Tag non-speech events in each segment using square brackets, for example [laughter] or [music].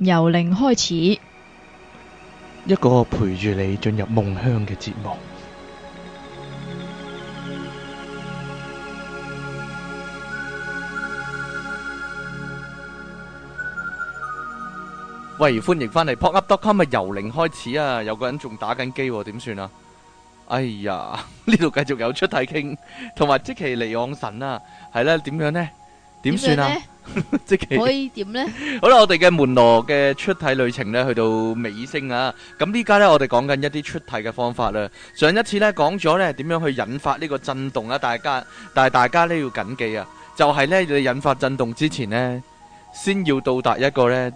由零開始，一個陪住你進入夢鄉嘅節目。喂，歡迎翻嚟，popup.com 咪由零開始啊！有個人仲打緊機，點算啊？哎呀，呢度繼續有出體傾，同埋即係嚟望神啊，係咧點樣呢？點算啊？ [laughs] 即奇 可以點呢？ [laughs] 好啦，我哋嘅門羅嘅出體旅程咧，去到尾聲啊！咁呢家，呢，我哋講緊一啲出體嘅方法啦。上一次呢，講咗呢點樣去引發呢個震動啊！大家但係大家呢要謹記啊，就係、是、呢，你引發震動之前呢，先要到達一個呢。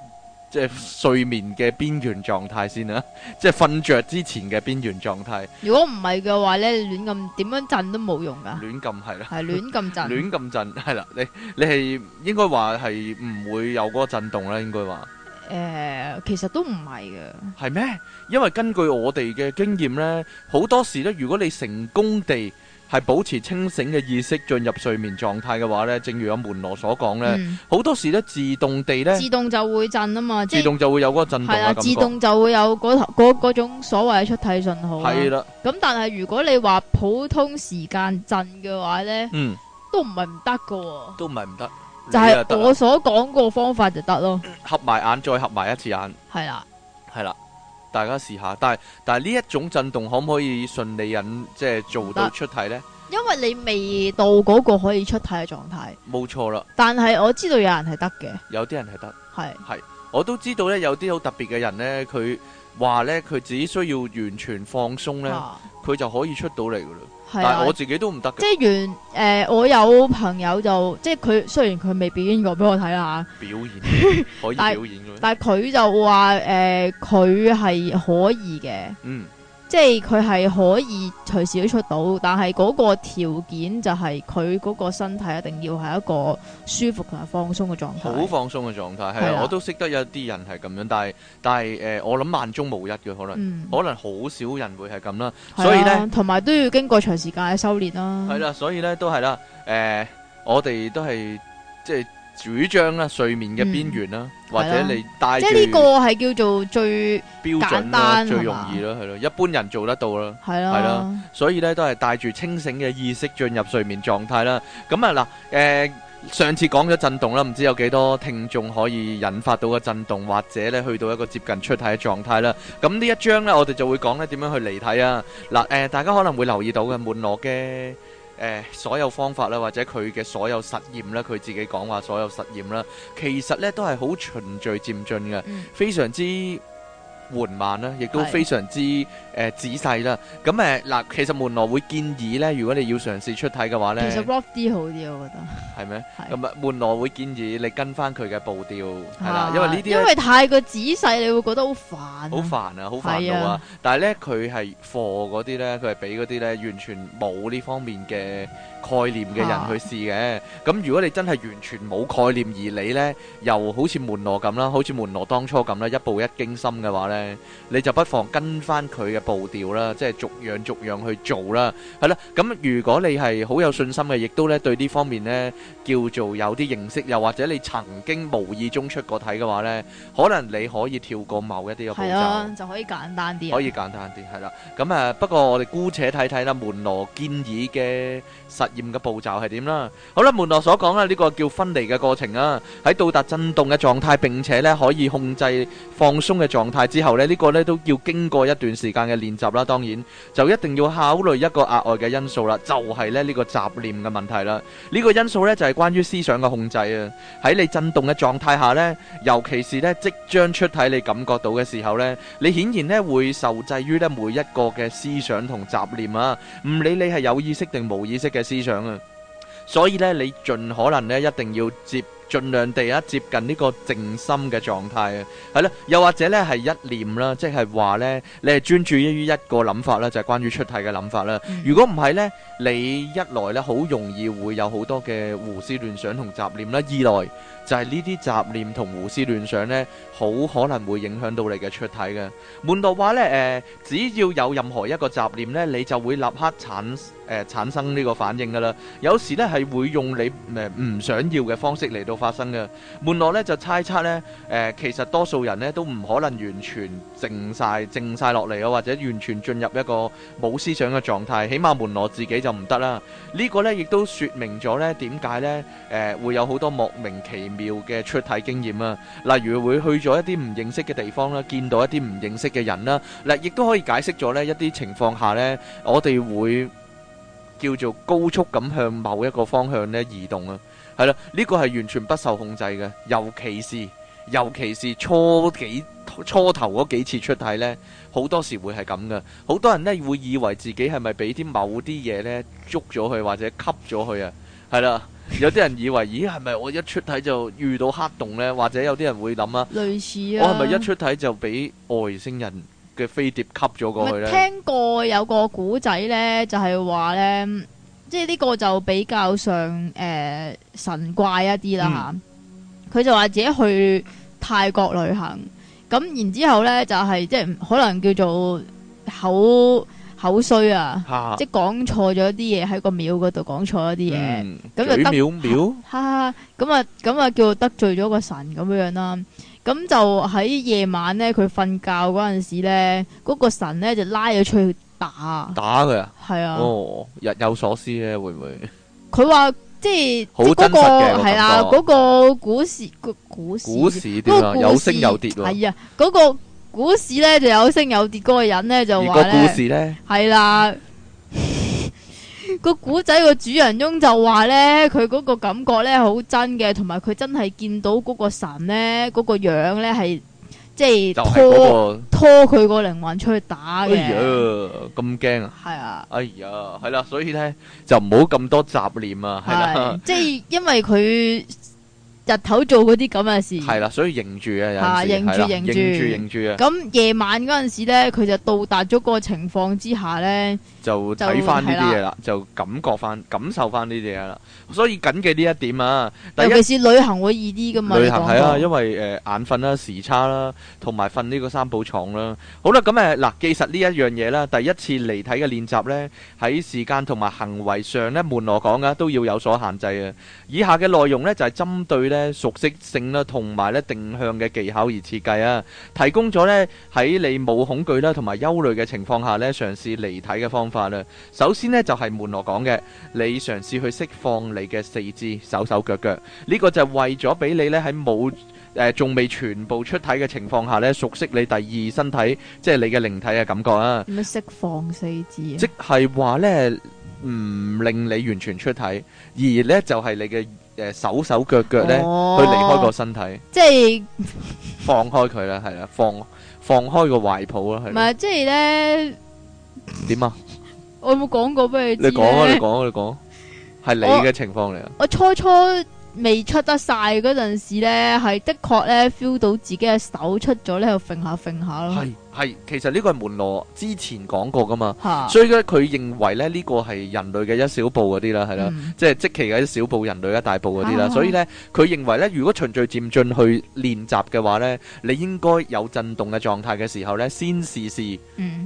即係睡眠嘅邊緣狀態先啦，即係瞓著之前嘅邊緣狀態。如果唔係嘅話呢，亂撳點樣震都冇用噶。亂撳係啦，係亂撳震，亂撳震係啦。你你係應該話係唔會有嗰個震動啦，應該話。誒，其實都唔係嘅。係咩？因為根據我哋嘅經驗呢，好多時呢，如果你成功地。係保持清醒嘅意識進入睡眠狀態嘅話咧，正如阿門羅所講咧，好、嗯、多時咧自動地咧，自動就會震啊嘛，即自動就會有嗰個震動啊，自動就會有嗰種所謂嘅出體信號啦。係啦、啊，咁但係如果你話普通時間震嘅話呢嗯，都唔係唔得㗎喎，都唔係唔得，就係我所講個方法就得咯。合埋眼再合埋一次眼，係啦、啊，係啦、啊。大家試下，但係但係呢一種震動可唔可以順利引，即係做到出體呢？因為你未到嗰個可以出體嘅狀態，冇錯啦。但係我知道有人係得嘅，有啲人係得，係係是我都知道呢，有啲好特別嘅人呢，佢話呢，佢只需要完全放鬆呢，佢、啊、就可以出到嚟噶啦。啊、但係我自己都唔得嘅，即係原誒、呃，我有朋友就即係佢雖然佢未表演過俾我睇下，表演可以表演嘅 [laughs] 但係佢就話誒，佢係可以嘅，嗯。即係佢係可以隨時都出到，但係嗰個條件就係佢嗰個身體一定要係一個舒服同埋放鬆嘅狀態。好放鬆嘅狀態係的，我都識得有啲人係咁樣，但係但係誒、呃，我諗萬中無一嘅可能，嗯、可能好少人會係咁啦。的所以呢，同埋都要經過長時間嘅修煉啦、啊。係啦，所以呢都係啦，誒、呃，我哋都係即係。主張啦，睡眠嘅邊緣啦，或者你帶住即係呢個係叫做最標準啦，最容易啦，係咯，一般人做得到啦，係咯，係咯，所以咧都係帶住清醒嘅意識進入睡眠狀態啦。咁啊嗱，誒上次講咗震動啦，唔知有幾多聽眾可以引發到個震動，或者咧去到一個接近出體嘅狀態啦。咁呢一章咧，我哋就會講咧點樣去離體啊。嗱，誒大家可能會留意到嘅，門羅嘅。呃、所有方法啦，或者佢嘅所有實驗啦，佢自己講話所有實驗啦，其實呢都係好循序漸進嘅，非常之緩慢啦，亦都非常之誒、呃，仔細啦，咁誒嗱，其實門羅會建議咧，如果你要嘗試出體嘅話咧，其實 rock 啲好啲，我覺得係咩？咁啊嗎，是門羅會建議你跟翻佢嘅步調係啦、啊，因為呢啲因為太過仔細，你會覺得好煩，好煩啊，好煩到啊！啊的但係咧，佢係 for 嗰啲咧，佢係俾嗰啲咧完全冇呢方面嘅概念嘅人去試嘅。咁、啊、如果你真係完全冇概念而你咧，又好似門羅咁啦，好似門羅當初咁啦，一步一驚心嘅話咧，你就不妨跟翻佢嘅。步調啦，即係逐樣逐樣去做啦，係啦。咁如果你係好有信心嘅，亦都咧對呢方面咧叫做有啲認識，又或者你曾經無意中出過體嘅話咧，可能你可以跳過某一啲嘅步驟，就可以簡單啲，可以簡單啲，係啦。咁誒，不過我哋姑且睇睇啦。門羅建議嘅實驗嘅步驟係點啦？好啦，門羅所講啦，呢個叫分離嘅過程啊，喺到達振動嘅狀態並且咧可以控制放鬆嘅狀態之後咧，呢個咧都要經過一段時間。嘅練習啦，當然就一定要考慮一個額外嘅因素啦，就係咧呢個雜念嘅問題啦。呢個因素呢就係關於思想嘅控制啊。喺你震動嘅狀態下呢，尤其是呢即將出體你感覺到嘅時候呢，你顯然呢會受制於呢每一個嘅思想同雜念啊。唔理你係有意識定冇意識嘅思想啊，所以呢你盡可能呢一定要接。儘量地啊，接近呢個靜心嘅狀態啊，係啦，又或者咧係一念啦，即係話咧，你係專注於一個諗法啦，就係關於出體嘅諗法啦。如果唔係咧，你一來咧好容易會有好多嘅胡思亂想同雜念啦，二來就係呢啲雜念同胡思亂想咧，好可能會影響到你嘅出體嘅。門羅話咧，誒、呃、只要有任何一個雜念咧，你就會立刻產誒、呃、產生呢個反應㗎啦。有時咧係會用你誒唔、呃、想要嘅方式嚟到發生嘅。門羅咧就猜測咧，誒、呃、其實多數人咧都唔可能完全靜晒靜晒落嚟啊，或者完全進入一個冇思想嘅狀態，起碼門羅自己就唔得啦。這個、呢個咧亦都說明咗咧點解咧誒會有好多莫名其妙嘅出體經驗啊。例如會去到一啲唔認識嘅地方啦，見到一啲唔認識嘅人啦，嗱，亦都可以解釋咗呢一啲情況下，呢我哋會叫做高速咁向某一個方向呢移動啊，係啦，呢個係完全不受控制嘅，尤其是尤其是初幾初，初頭嗰幾次出體呢，好多時會係咁嘅。好多人呢，會以為自己係咪俾啲某啲嘢呢捉咗佢，或者吸咗佢。啊？係啦，有啲人以為，咦，係咪我一出體就遇到黑洞呢？或者有啲人會諗啊，類似啊，我係咪一出體就俾外星人嘅飛碟吸咗過去咧？聽過有個古仔呢，就係話呢，即係呢個就比較上誒、呃、神怪一啲啦嚇。佢、嗯、就話自己去泰國旅行，咁然之後呢，就係即係可能叫做口。口衰啊！啊即係講錯咗啲嘢，喺個廟嗰度講錯咗啲嘢，咁、嗯、就得廟廟，咁啊咁啊，啊，啊叫得罪咗個神咁樣啦。咁、啊、就喺夜晚咧，佢瞓覺嗰陣時咧，嗰、那個神咧就拉咗出去打，打佢他啊！係啊，哦，日有所思咧，會唔會？佢話即係好真實嘅係、那個、啊、嗰、那個股市股市，嗰股市有升有跌咯，係啊，嗰個。股市咧就有升有跌，嗰、那個人咧就話咧，係是啦個古仔個主人翁就話咧，佢嗰個感覺咧好真嘅，同埋佢真係見到嗰個神咧嗰、那個樣咧係即係拖、那個、拖佢個靈魂出去打嘅。哎呀，咁驚啊！係啊，哎呀，係、啊哎、啦，所以咧就唔好咁多雜念啊。係啦，是 [laughs] 即係因為佢。日頭做嗰啲咁嘅事係啦，所以認住啊，吓認住認住認住認住啊！咁夜晚嗰陣時咧，佢就到達咗嗰個情況之下咧，就睇翻呢啲嘢啦，就感覺翻、感受翻呢啲嘢啦。所以緊記呢一點啊，尤其是旅行會易啲噶嘛，旅行係啊，因為誒、呃、眼瞓啦、時差啦，同埋瞓呢個三寶床啦。好啦，咁誒嗱，記實呢一樣嘢啦，第一次離體嘅練習咧，喺時間同埋行為上咧，門羅講噶都要有所限制啊。以下嘅內容咧，就係針對咧。呢熟悉性啦，同埋咧，定向嘅技巧而設計啊，提供咗咧喺你冇恐懼啦，同埋憂慮嘅情況下咧嘗試離體嘅方法啦。首先咧就係門羅講嘅，你嘗試去釋放你嘅四肢手手腳腳，呢、這個就係為咗俾你咧喺冇誒仲未全部出體嘅情況下咧熟悉你第二身體，即係你嘅靈體嘅感覺啊。咩釋放四肢？即係話咧唔令你完全出體，而咧就係、是、你嘅。誒，手手腳腳咧，哦、去離開個身體，即係是放開佢啦，係啦，放放開個懷抱啦，係咪？即係咧點啊？ [laughs] 我有冇講過俾你，你、啊？呢你講啊，你講、啊， [laughs] 你講，係你嘅情況嚟啊！我初初未出得晒嗰陣時咧，係的確咧 feel 到自己嘅手出咗咧，就揈下揈下咯。係，其實呢個係門羅之前講過噶嘛，啊、所以咧佢認為咧呢個係人類嘅一小步嗰啲啦，係啦、嗯，即係即期嘅一小步，人類一大步嗰啲啦。啊、所以呢，佢認為呢，如果循序漸進去練習嘅話呢，你應該有震動嘅狀態嘅時候呢，先試試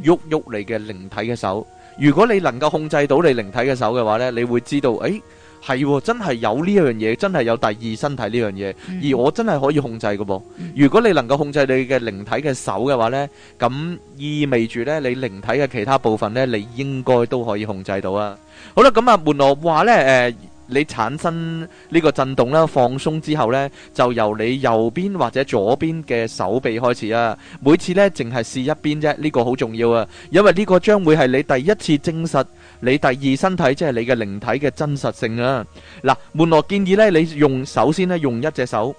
喐喐你嘅靈體嘅手。嗯、如果你能夠控制到你靈體嘅手嘅話呢，你會知道誒。欸係喎、嗯嗯，真係有呢樣嘢，真係有第二身體呢樣嘢，而我真係可以控制嘅噃。如果你能夠控制你嘅靈體嘅手嘅話呢，咁意味住呢，你靈體嘅其他部分呢，你應該都可以控制到啊。好啦，咁啊，門羅話呢，誒，你產生呢個震動啦，放鬆之後呢，就由你右邊或者左邊嘅手臂開始啊。每次呢淨係試一邊啫，呢、呢個好重要啊，因為呢個將會係你第一次證實。你第二身體即係你嘅靈體嘅真實性啊！嗱，門羅建議咧，你用首先咧，用一隻手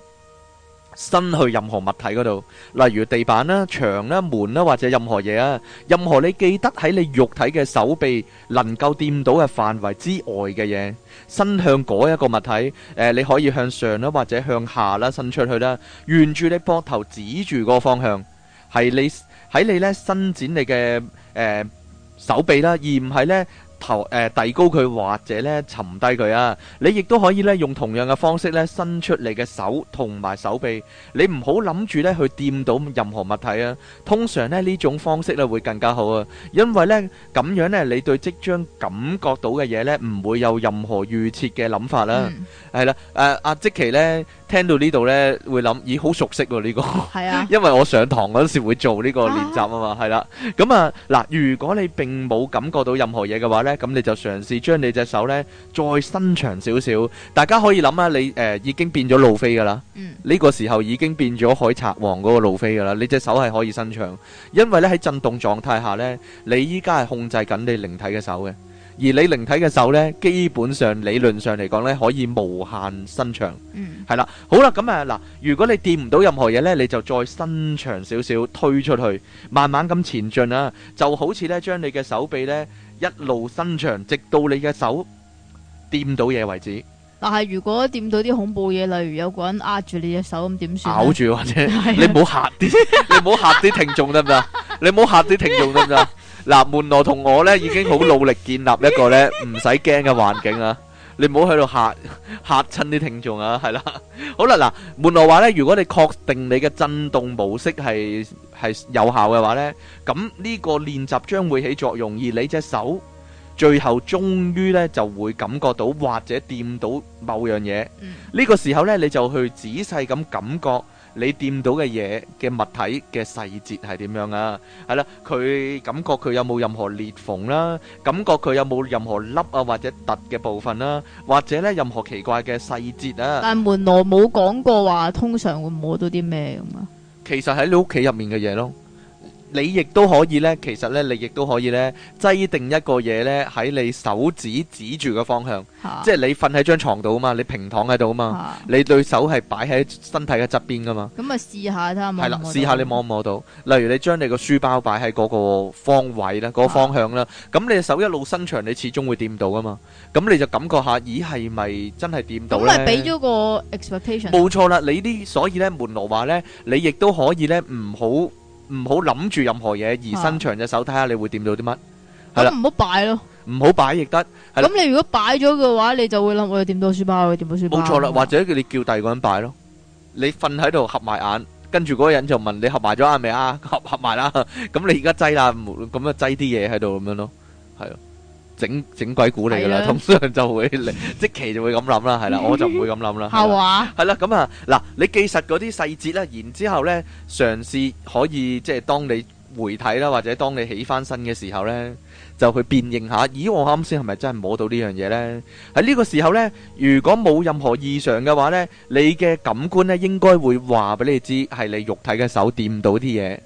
伸去任何物體嗰度，例如地板啦、牆啦、門啦，或者任何嘢啊。任何你記得喺你肉體嘅手臂能夠掂到嘅範圍之外嘅嘢，伸向嗰一個物體。誒，你可以向上啦，或者向下啦，伸出去啦。沿住你膊頭指住嗰個方向，係你喺你咧伸展你嘅誒手臂啦，而唔係咧。投誒遞高佢或者咧沉低佢啊！你亦都可以咧用同樣嘅方式咧伸出你嘅手同埋手臂，你唔好諗住咧去掂到任何物體啊！通常咧呢種方式咧會更加好啊，因為咧咁樣咧你對即將感覺到嘅嘢咧唔會有任何預設嘅諗法啦。係啦，誒阿即奇咧。聽到呢度呢，會諗，咦，好熟悉喎呢個， [laughs] 因為我上堂嗰陣時會做呢個練習啊嘛，係啦、啊，咁、嗯、啊嗱，如果你並冇感覺到任何嘢嘅話呢，咁你就嘗試將你隻手呢再伸長少少。大家可以諗啊，你誒、呃、已經變咗路飛噶啦，呢、嗯、個時候已經變咗海賊王嗰個路飛噶啦，你隻手係可以伸長，因為呢喺震動狀態下呢，你依家係控制緊你靈體嘅手嘅。而你靈體嘅手咧，基本上理論上嚟講咧，可以無限伸長，嗯，係啦。好啦，咁誒嗱，如果你掂唔到任何嘢咧，你就再伸長少少推出去，慢慢咁前進啦。就好似咧，將你嘅手臂咧一路伸長，直到你嘅手掂到嘢為止。但係如果掂到啲恐怖嘢，例如有個人壓住你隻手咁點算？咬住，或者你唔好嚇啲，你唔好嚇啲聽眾得唔得？你唔好嚇啲聽眾得唔得？嗱，門羅同我咧已經好努力建立一個咧唔使驚嘅環境啊！你唔好喺度嚇嚇親啲聽眾啊，係啦。好啦，嗱，門羅話咧，如果你確定你嘅震動模式係係有效嘅話咧，咁呢個練習將會起作用，而你隻手最後終於咧就會感覺到或者掂到某樣嘢。呢、嗯、個時候咧，你就去仔細咁感覺。你掂到嘅嘢嘅物體嘅細節係點樣啊？係啦，佢感覺佢有冇任何裂縫啦、啊，感覺佢有冇任何凹啊或者凸嘅部分啦，或者咧、啊、任何奇怪嘅細節啊。但門羅冇講過話，通常會摸到啲咩咁啊？其實喺你屋企入面嘅嘢咯。你亦都可以呢，其實呢，你亦都可以呢，制定一個嘢呢，喺你手指指住嘅方向，啊、即係你瞓喺張床度啊嘛，你平躺喺度啊嘛，啊你對手係擺喺身體嘅側邊噶嘛。咁啊，看看摸摸了試下睇下。係啦，試下你摸唔摸，摸，摸到？例如你將你個書包擺喺嗰個方位啦，嗰、那個方向啦，咁、啊、你手一路伸長，你始終會掂到噶嘛。咁你就感覺下，咦係咪真係掂到咧？咁咪俾咗個 expectation。冇錯啦，你啲所， [music] 所以呢，門路話呢，你亦都可以呢，唔好。 [music] [music] 唔好諗住任何嘢，而伸長隻手睇下你會掂到啲乜？係啦，唔好擺咯，唔好擺亦得，咁你如果擺咗嘅話，你就會諗，我會掂到書包，我會掂到書包。冇錯啦，或者叫你叫第二個人擺咯，你瞓喺度合埋眼，跟住嗰個人就問你合埋咗眼未啊？合合埋啦，咁你而家擠啦，咁啊擠啲嘢喺度咁樣咯，係咯。整整鬼故嚟噶啦，通常就會即期就會咁諗啦，係啦，我就唔會咁諗啦。係話係啦，咁啊嗱，你記實嗰啲細節啦，然之後咧，嘗試可以即係當你回體啦，或者當你起翻身嘅時候咧，就去辨認下，咦，我啱先係咪真係摸到呢樣嘢咧？喺呢個時候咧，如果冇任何異常嘅話咧，你嘅感官咧應該會話俾你知係你肉體嘅手掂到啲嘢，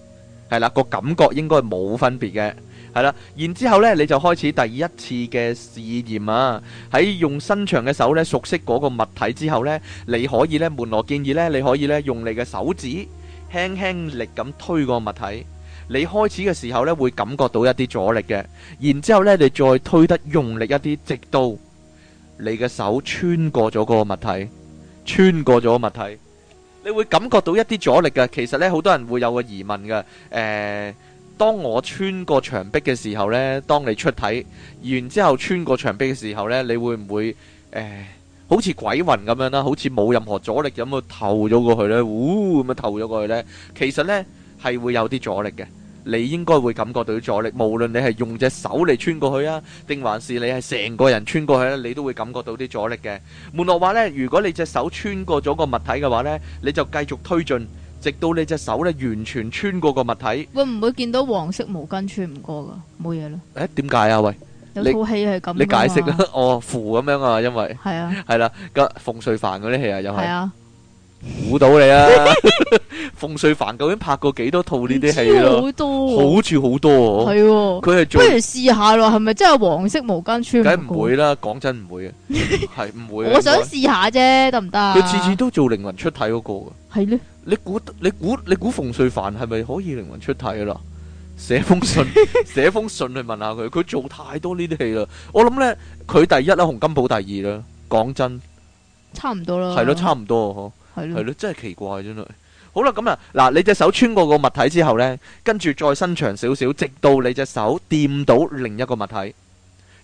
係啦，個感覺應該冇分別嘅。係啦，然之後呢，你就開始第一次嘅試驗啊！喺用伸長嘅手呢，熟悉嗰個物體之後呢，你可以呢，門羅建議呢，你可以呢，用你嘅手指輕輕力咁推個物體。你開始嘅時候呢，會感覺到一啲阻力嘅。然之後呢，你再推得用力一啲，直到你嘅手穿過咗嗰個物體，穿過咗個物體，你會感覺到一啲阻力嘅。其實呢，好多人會有個疑問嘅，誒、呃。當我穿過牆壁嘅時候呢，當你出體然之後穿過牆壁嘅時候呢，你會唔會誒、呃、好似鬼魂咁樣啦？好似冇任何阻力咁去透咗過去呢？呼咁啊透咗過去呢？其實呢，係會有啲阻力嘅。你應該會感覺到啲阻力，無論你係用隻手嚟穿過去啊，定還是你係成個人穿過去咧，你都會感覺到啲阻力嘅。門羅話呢，如果你隻手穿過咗個物體嘅話呢，你就繼續推進。直到你隻手咧完全穿過個物體，會唔會見到黃色毛巾穿唔過噶？冇嘢啦。誒點解啊？喂，有套戲係咁，你解釋啊？哦，符咁樣啊，因為係啊，係啦，個馮瑞凡嗰啲戲啊，又係，估到你啊！馮瑞凡究竟拍過幾多套呢啲戲咯？好多，好似好多啊！係喎，佢係做，不如試下咯，係咪真係黃色毛巾穿？梗唔會啦，講真唔會啊，係唔會。我想試下啫，得唔得？佢次次都做靈魂出體嗰個噶，係咧。你估你估你估馮瑞凡係咪可以靈魂出體啦？寫封信寫 [laughs] 封信去問下佢，佢做太多呢啲戲啦。我諗呢，佢第一啦，洪金寶第二啦。講真差，差唔多啦，係咯了，差唔多嗬，係咯，真係奇怪真係。好啦，咁啊，嗱，你隻手穿過個物體之後呢，跟住再伸長少少，直到你隻手掂到另一個物體。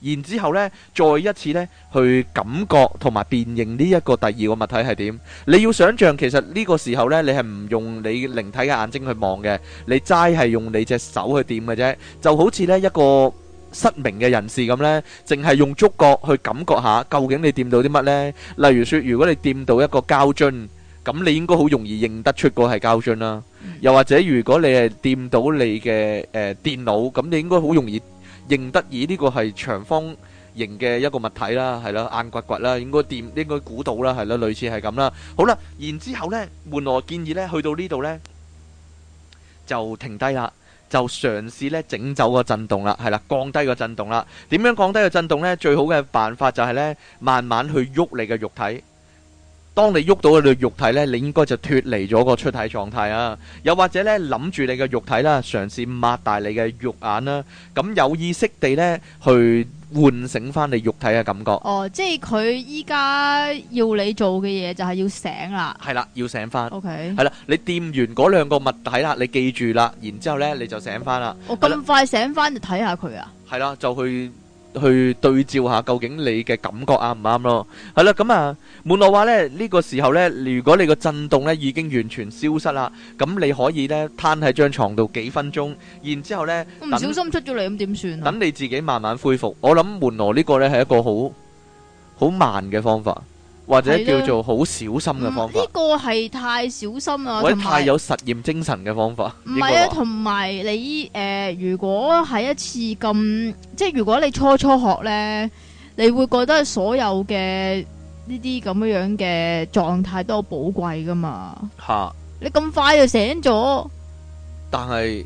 然之後呢，再一次呢，去感覺同埋辨認呢一個第二個物體係點？你要想象，其實呢個時候呢，你係唔用你靈體嘅眼睛去望嘅，你齋係用你隻手去掂嘅啫。就好似呢一個失明嘅人士咁呢，淨係用觸覺去感覺下，究竟你掂到啲乜呢？例如說，如果你掂到一個膠樽，咁你應該好容易認得出個係膠樽啦。又或者如果你係掂到你嘅誒電腦，咁你應該好容易，認得以呢個係長方形嘅一個物體啦，係啦，硬骨骨啦，應該掂，應該估到啦，係啦，類似係咁啦。好啦，然之後咧，門羅建議咧，去到呢度咧，就停低啦，就嘗試咧整走個震動啦，係啦，降低個震動啦。點樣降低個震動咧？最好嘅辦法就係咧，慢慢去喐你嘅肉體。當你喐到你嘅肉體咧，你應該就脫離咗個出體狀態啊！又或者咧，諗住你嘅肉體啦，嘗試擘大你嘅肉眼啦，咁有意識地咧去喚醒翻你肉體嘅感覺。哦，即係佢依家要你做嘅嘢就係要醒啦。係啦，要醒翻。OK。係啦，你掂完嗰兩個物體啦，你記住啦，然之後咧你就醒翻啦。哦，咁快醒翻就睇下佢啊？係啦，就去。去對照下究竟你嘅感覺啱唔啱咯，係啦，咁、嗯、啊，門羅話呢，呢、呢個時候呢，如果你個震動呢已經完全消失啦，咁你可以呢攤喺張床度幾分鐘，然之後呢，我唔小心等出咗嚟咁點算？等你自己慢慢恢復，我諗門羅呢個呢係一個好好慢嘅方法。或者叫做好小心嘅方法，呢、嗯，這個係太小心啦，同埋或者 且太有實驗精神嘅方法。唔係啊，同埋你誒、呃，如果係一次咁，即係如果你初初學呢，你會覺得所有嘅呢啲咁樣樣嘅狀態都好寶貴噶嘛？吓、啊！你咁快就醒咗，但係。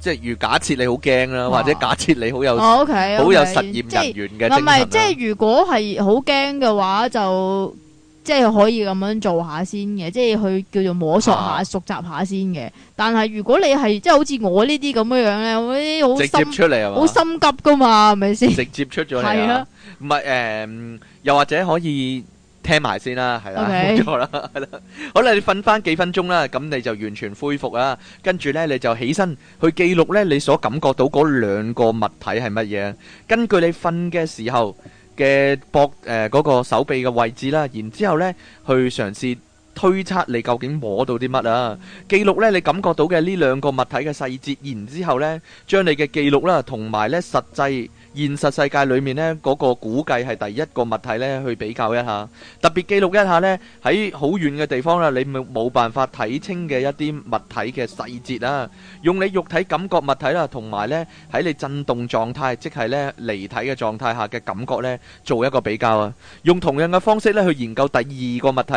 即係如假設你好驚啦，啊、或者假設你好有好、啊 okay, okay. 有實驗人員嘅精神。即係如果係好驚嘅話，就即係可以咁樣做下先嘅，即係去叫做摸索下、啊、熟習下先嘅。但係如果你係即係好似我呢啲咁嘅樣咧，我啲好直接出嚟啊嘛，好心急噶嘛，係咪先？直接出咗嚟啊！唔係誒，又或者可以。聽埋先啦，係啦，冇錯啦，係啦，好啦，你瞓翻幾分鐘啦，咁你就完全恢復啦，跟住呢，你就起身去記錄呢，你所感覺到嗰兩個物體係乜嘢，根據你瞓嘅時候嘅膊誒嗰個手臂嘅位置啦，然之後呢去嘗試推測你究竟摸到啲乜啊，記錄呢，你感覺到嘅呢兩個物體嘅細節，然之後呢將你嘅記錄啦，同埋呢實際。現實世界裏面那個估計是第一個物體，去比較一下，特別記錄一下，在很遠的地方你沒有辦法看清楚的一些物體的細節，用你肉體感覺物體同埋在你震動狀態，即是離體的狀態下的感覺，做一個比較。用同樣的方式去研究第二個物體，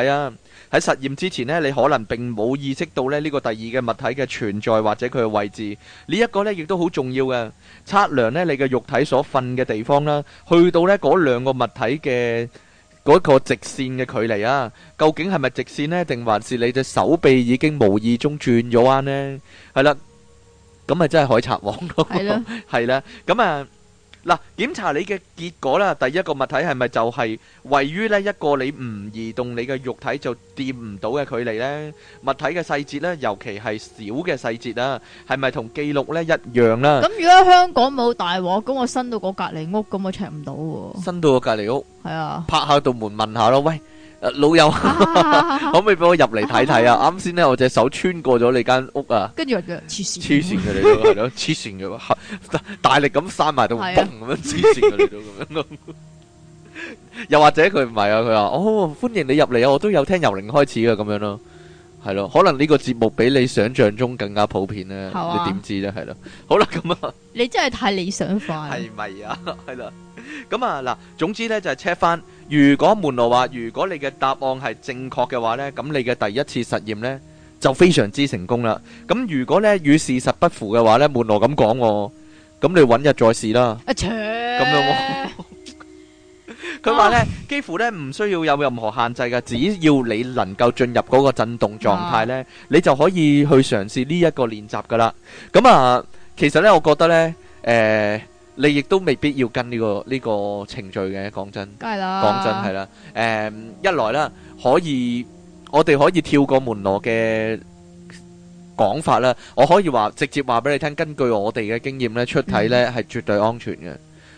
在實驗之前你可能並沒有意識到這個第二個物體的存在或者它的位置，這個也很重要。測量你的肉體所瞓嘅地方啦，去到呢嗰兩個物體嘅嗰個直線嘅距離啊，究竟係咪直線呢，定還是你隻手臂已經無意中轉咗彎呢？係啦，咁咪真係海賊王咯，係啦，咁啊。嗱，檢查你嘅結果啦，第一個物體係咪就係位於呢一個你唔移動你嘅肉體就掂唔到嘅距離呢？物體嘅細節呢，尤其係小嘅細節啊，係咪同記錄呢一樣啦？咁如果香港冇大鑊，咁我伸到個隔離屋，咁我 check 唔到喎。伸到個隔離屋。係啊。拍下道門問下咯，喂。啊、老友，啊啊、可唔可以俾我入嚟睇睇啊？啱先咧，我隻手穿過咗你間屋啊，跟住黐線，黐線嘅嚟到，係咯，黐線嘅大力咁閂埋到唔崩咁樣，黐線嘅嚟到咁樣咁。 [laughs] 又或者佢唔係啊？佢話：哦，歡迎你入嚟啊！我都有聽由零開始啊，咁樣咯。係咯，可能呢個節目比你想象中更加普遍咧。你點知咧？係咯，好啦，咁啊，你真係太理想化啦，係咪啊？係啦，咁啊嗱，總之咧就係 check 翻如果門羅話，如果你嘅答案係正確嘅話咧，咁你嘅第一次實驗咧就非常之成功啦。咁如果咧與事實不符嘅話咧，門羅咁講，咁你揾日再試啦。啊，切咁樣。佢話咧，幾乎咧唔需要有任何限制嘅，只要你能夠進入嗰個震動狀態咧，你就可以去嘗試呢一個練習噶啦。咁啊，其實咧，我覺得咧，誒，你亦都未必要跟呢個呢個程序嘅。講真，係啦，講真係啦。誒，一來咧，可以我哋可以跳過門羅嘅講法啦。我可以話直接話俾你聽，根據我哋嘅經驗咧，出體咧係絕對安全嘅，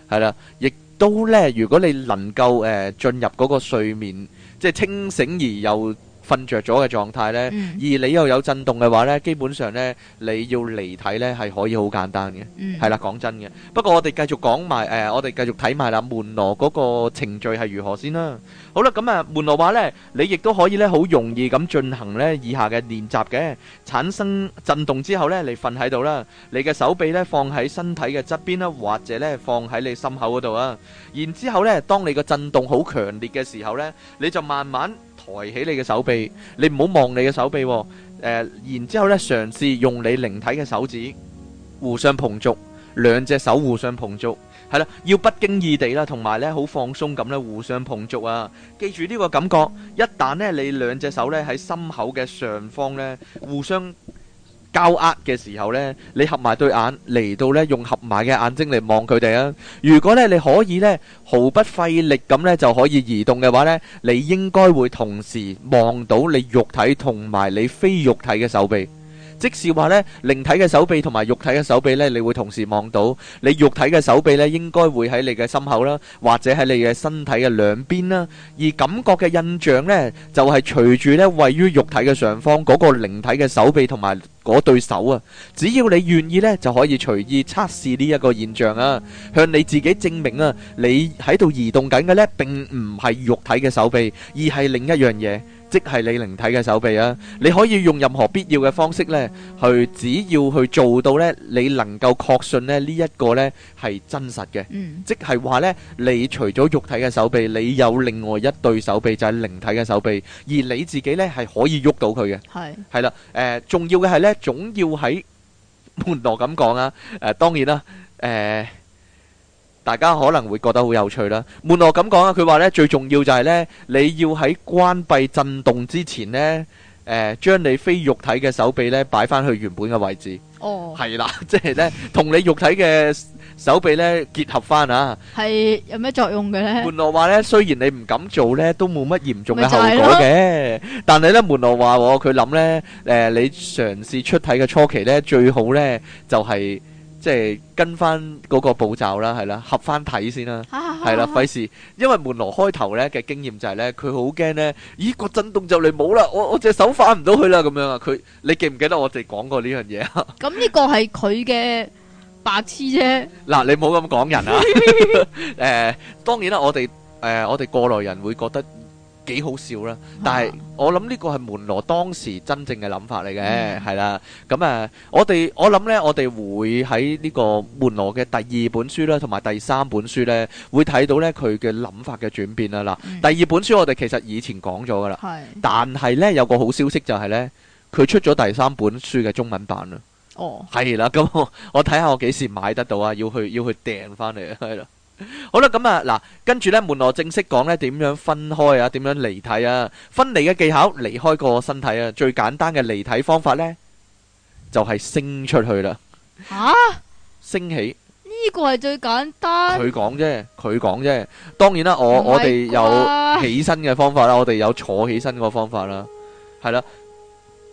係啦，亦。都咧，如果你能夠誒、呃、進入嗰個睡眠，即係清醒而又瞓著咗嘅狀態咧，而你又有震動嘅話咧，基本上咧，你要離體咧係可以好簡單嘅，係啦，講真嘅。不過我哋繼續講埋誒，我哋繼續睇埋啦，門羅嗰個程序係如何先啦。好啦，咁啊，門羅話咧，你亦都可以咧好容易咁進行咧以下嘅練習嘅，產生震動之後咧，你瞓喺度啦，你嘅手臂咧放喺身體嘅側邊啦，或者咧放喺你心口嗰度啊。然之後咧，當你個震動好強烈嘅時候咧，你就慢慢。抬起你嘅手臂，你唔好望你嘅手臂、哦，誒、呃，然之後呢，嘗試用你靈體嘅手指互相碰觸，兩隻手互相碰觸，係啦，要不經意地啦，同埋呢好放鬆咁呢互相碰觸啊！記住呢個感覺，一旦呢你兩隻手呢喺心口嘅上方呢互相。交握嘅時候呢，你合埋對眼嚟到呢，用合埋嘅眼睛嚟望佢哋啊！如果呢，你可以呢毫不費力咁呢就可以移動嘅話呢，你應該會同時望到你肉體同埋你非肉體嘅手臂。即是話呢，靈體嘅手臂同埋肉體嘅手臂呢，你會同時望到。你肉體嘅手臂呢，應該會喺你嘅心口啦，或者喺你嘅身體嘅兩邊啦。而感覺嘅印象呢，就係隨住呢位於肉體嘅上方嗰個靈體嘅手臂同埋嗰對手啊。只要你願意呢，就可以隨意測試呢一個現象啊，向你自己證明啊，你喺度移動緊嘅呢，並唔係肉體嘅手臂，而係另一樣嘢。即係你靈體嘅手臂啊！你可以用任何必要嘅方式咧，去只要去做到咧，你能夠確信咧呢一個咧係真實嘅。嗯，即係話咧，你除咗肉體嘅手臂，你有另外一對手臂就係靈體嘅手臂，而你自己咧係可以喐到佢嘅。係係啦，誒，重要嘅係咧，總要喺門羅咁講啊。誒，當然啦，誒。大家可能會覺得好有趣啦。門羅咁講啊，佢話咧，最重要就係咧，你要喺關閉震動之前咧，誒將你非肉體嘅手臂咧擺翻去原本嘅位置。哦，係啦，即係咧同你肉體嘅手臂咧結合翻啊。係有咩作用嘅咧？門羅話咧，雖然你唔敢做咧，都冇乜嚴重嘅後果嘅。但係咧，門羅話哦，佢諗咧，誒你嘗試出體嘅初期咧，最好咧就係。即係跟翻嗰個步驟啦，係啦，合翻睇先啦，係、啊啊、啦，費事，因為門羅開頭咧嘅經驗就係、是、咧，佢好驚咧，咦，個震動就嚟冇啦，我我隻手反唔到去啦，咁樣啊，佢你記唔記得我哋講過呢樣嘢啊？咁呢個係佢嘅白痴啫。嗱，你冇咁講人啊。誒、 [laughs] [laughs] 呃，當然啦，我哋誒、呃、我哋過來人會覺得。幾好笑啦，但係我諗呢個係門羅當時真正嘅諗法嚟嘅，係啦、嗯。咁啊、嗯，我哋我諗咧，我哋會喺呢個門羅嘅第二本書啦，同埋第三本書呢，會睇到呢佢嘅諗法嘅轉變啦。啦、嗯，第二本書我哋其實以前講咗噶啦，係啦，但係呢，有個好消息就係呢，佢出咗第三本書嘅中文版啦。哦，係啦，咁、嗯、我睇下我幾時買得到啊？要去要去訂翻嚟啊，係啦。好啦，咁啊，嗱，跟住咧，門羅正式講咧，點樣分開啊？點樣離體啊？分離嘅技巧，離開個身體啊？最簡單嘅離體方法咧，就係升出去啦。吓，升起呢個係最簡單。佢講啫，佢講啫。當然啦，我我哋有起身嘅方法啦，我哋有坐起身個方法啦，係啦。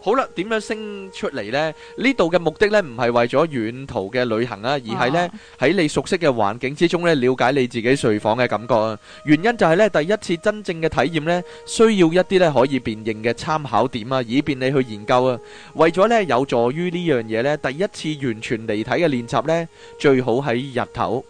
好啦，點樣升出嚟呢？呢度嘅目的呢，唔係為咗遠途嘅旅行啊，而係呢，喺你熟悉嘅環境之中呢，了解你自己睡房嘅感覺啊。原因就係呢，第一次真正嘅體驗呢，需要一啲呢可以辨認嘅參考點啊，以便你去研究啊。為咗呢，有助於呢樣嘢呢，第一次完全離體嘅練習呢，最好喺日頭。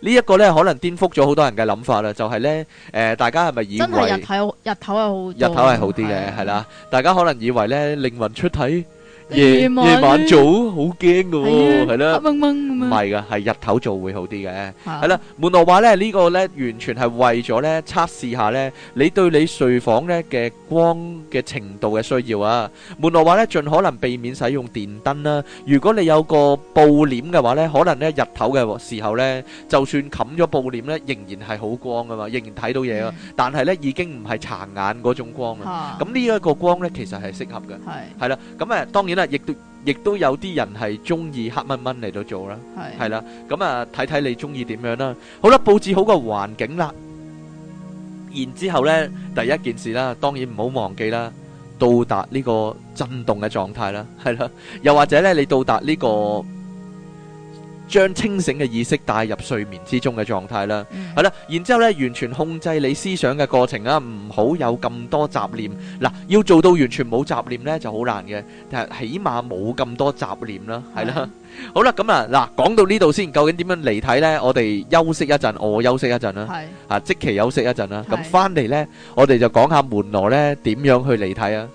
呢一個咧，可能顛覆咗好多人嘅諗法啦，就係、是、咧，誒、呃，大家係咪以為真係日頭日頭係好，日頭係好啲嘅，係啦，大家可能以為咧靈魂出體。夜，夜晚做好驚噶，係啦，黑蒙蒙咁樣，唔係噶，係日頭做會好啲嘅，係啦。門羅話咧呢個咧完全係為咗咧測試下咧你對你睡房咧嘅光嘅程度嘅需要啊。門羅話咧盡可能避免使用電燈啦。如果你有個布簾嘅話咧，可能咧日頭嘅時候咧，就算冚咗布簾咧，仍然係好光噶嘛，仍然睇到嘢噶。但係咧已經唔係茶眼嗰種光啦。咁呢一個光咧其實係適合嘅，係係啦。咁啊，當然。亦都亦都有啲人係中意黑蚊蚊嚟到做啦，係啦的，咁啊睇睇你中意點樣啦。好啦，布置好個環境啦，然之後呢，第一件事啦，當然唔好忘記啦，到達呢個震動嘅狀態啦，係啦，又或者呢，你到達呢個。將清醒嘅意識帶入睡眠之中嘅狀態啦，係啦，然之後咧，完全控制你思想嘅過程啊，唔好有咁多雜念。嗱，要做到完全冇雜念咧就好難嘅，但係起碼冇咁多雜念啦，係啦。好啦，咁啊嗱，講到呢度先，究竟點樣離體咧？我哋休息一陣，我休息一陣啦，係啊，即期休息一陣啦。咁返嚟咧，我哋就講下門羅咧點樣去離體啊。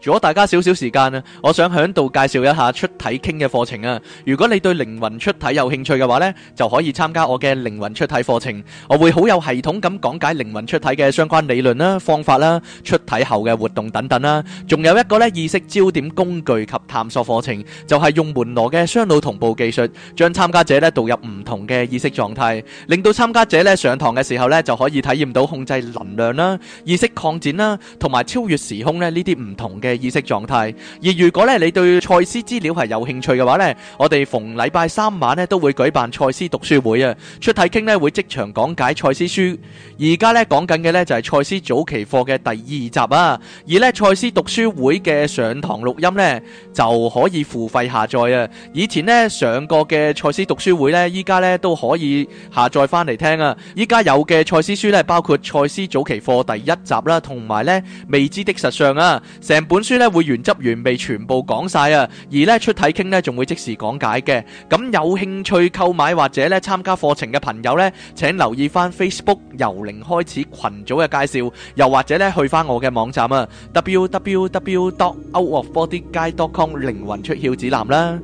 如果大家少少時間啊，我想喺度介紹一下出體傾嘅課程啊！如果你對靈魂出體有興趣嘅話咧，就可以參加我嘅靈魂出體課程。我會好有系統咁講解靈魂出體嘅相關理論啦、方法啦、出體後嘅活動等等啦。仲有一個咧意識焦點工具及探索課程，就係用門羅嘅雙腦同步技術，將參加者咧導入唔同嘅意識狀態，令到參加者咧上堂嘅時候咧就可以體驗到控制能量啦、意識擴展啦，同埋超越時空咧呢啲唔同嘅嘅意識狀態。而如果咧你對賽斯資料係有興趣嘅話呢，我哋逢禮拜三晚呢都會舉辦賽斯讀書會啊。出體傾呢會即場講解賽斯書。而家呢講緊嘅呢就係賽斯早期課嘅第二集啊。而呢賽斯讀書會嘅上堂錄音呢就可以付費下載啊。以前呢上過嘅賽斯讀書會呢，依家呢都可以下載翻嚟聽啊。依家有嘅賽斯書呢包括賽斯早期課第一集啦，同埋呢未知的實相啊，成本。本書咧會原汁原味全部講晒啊，而咧出體傾咧仲會即時講解嘅。咁有興趣購買或者咧參加課程嘅朋友咧，請留意翻 Facebook 由零開始群組嘅介紹，又或者咧去翻我嘅網站啊，w w w dot outofbodyguide dot com 靈魂出竅指南啦。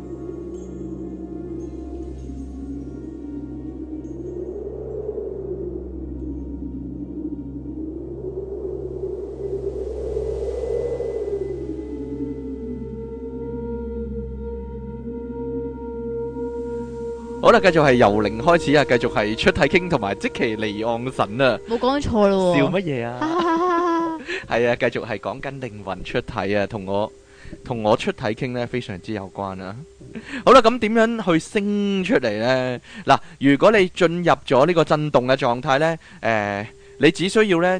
好啦，繼續係由零開始啊，繼續係出體傾同埋即其離岸神啊，冇講錯咯，笑乜嘢啊？係啊，繼續係講緊靈魂出體啊，同我同我出體傾呢非常之有關啊。好啦，咁點樣去升出嚟呢？嗱，如果你進入咗呢個震動嘅狀態呢，誒，你只需要呢。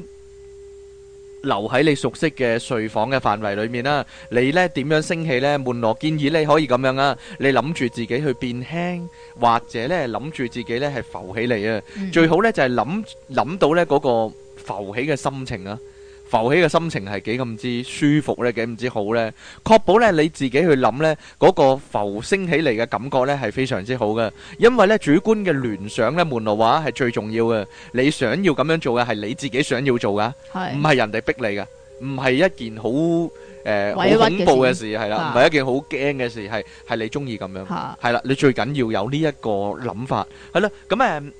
留喺你熟悉嘅睡房嘅範圍裏面啦，你呢，點樣升起呢？門羅建議你可以咁樣啊，你諗住自己去變輕，或者呢諗住自己呢係浮起嚟啊！嗯、最好呢就係諗諗到呢嗰、那個浮起嘅心情啊！浮起嘅心情係幾咁之舒服咧，幾咁之好咧？確保咧你自己去諗咧，嗰個浮升起嚟嘅感覺咧係非常之好嘅。因為咧主觀嘅聯想咧，門羅話係最重要嘅。你想要咁樣做嘅係你自己想要做噶，唔係人哋逼你嘅，唔係一件好誒好恐怖嘅事，係啦，唔係一件好驚嘅事，係係你中意咁樣，係啦，你最緊要有呢一個諗法，係啦，咁誒。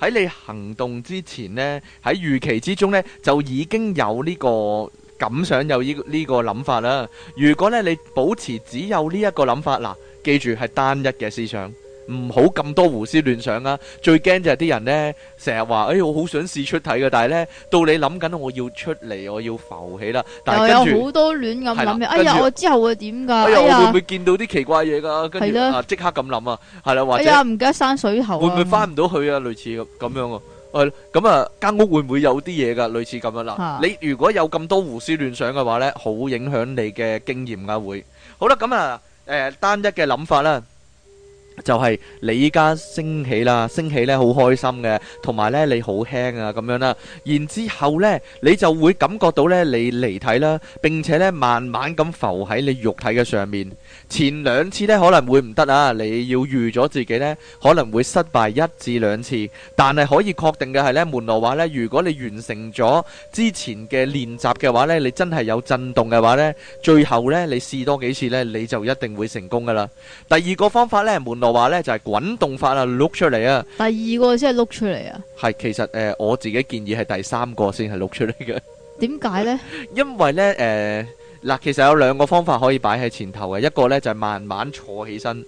喺你行動之前呢，喺預期之中呢，就已經有呢個感想，有依呢個諗法啦。如果咧你保持只有呢一個諗法，嗱，記住係單一嘅思想。唔好咁多胡思亂想啊！最驚就係啲人咧，成日話，哎，我好想試出體嘅。但係咧，到你諗緊，我要出嚟，我要浮起啦。但係有好多亂咁諗，哎呀，我之後會點㗎？會唔會見到啲奇怪嘢㗎？跟住即刻咁諗啊！係啦，或者哎呀，唔記得山水後會唔會翻唔到去啊？類似咁樣喎。係咁啊，間屋會唔會有啲嘢㗎？類似咁樣啦。你如果有咁多胡思亂想嘅話咧，好影響你嘅經驗啊。會好啦，咁啊，誒，單一嘅諗法啦。就係你依家升起啦，升起咧，好開心嘅，同埋咧你好輕啊，咁樣啦。然之後咧，你就會感覺到咧你離體啦，並且咧慢慢咁浮喺你肉體嘅上面。前兩次咧可能會唔得啊，你要預咗自己咧可能會失敗一至兩次，但係可以確定嘅係咧，門羅話咧，如果你完成咗之前嘅練習嘅話咧，你真係有震動嘅話咧，最後咧你試多幾次咧，你就一定會成功噶啦。第二個方法咧，門羅。我話咧就係、是、滾動法啦，碌出嚟啊！第二個先係碌出嚟啊！係其實誒、呃，我自己建議係第三個先係碌出嚟嘅。點解呢？因為呢，誒、呃、嗱，其實有兩個方法可以擺喺前頭嘅，一個呢就係、是、慢慢坐起身，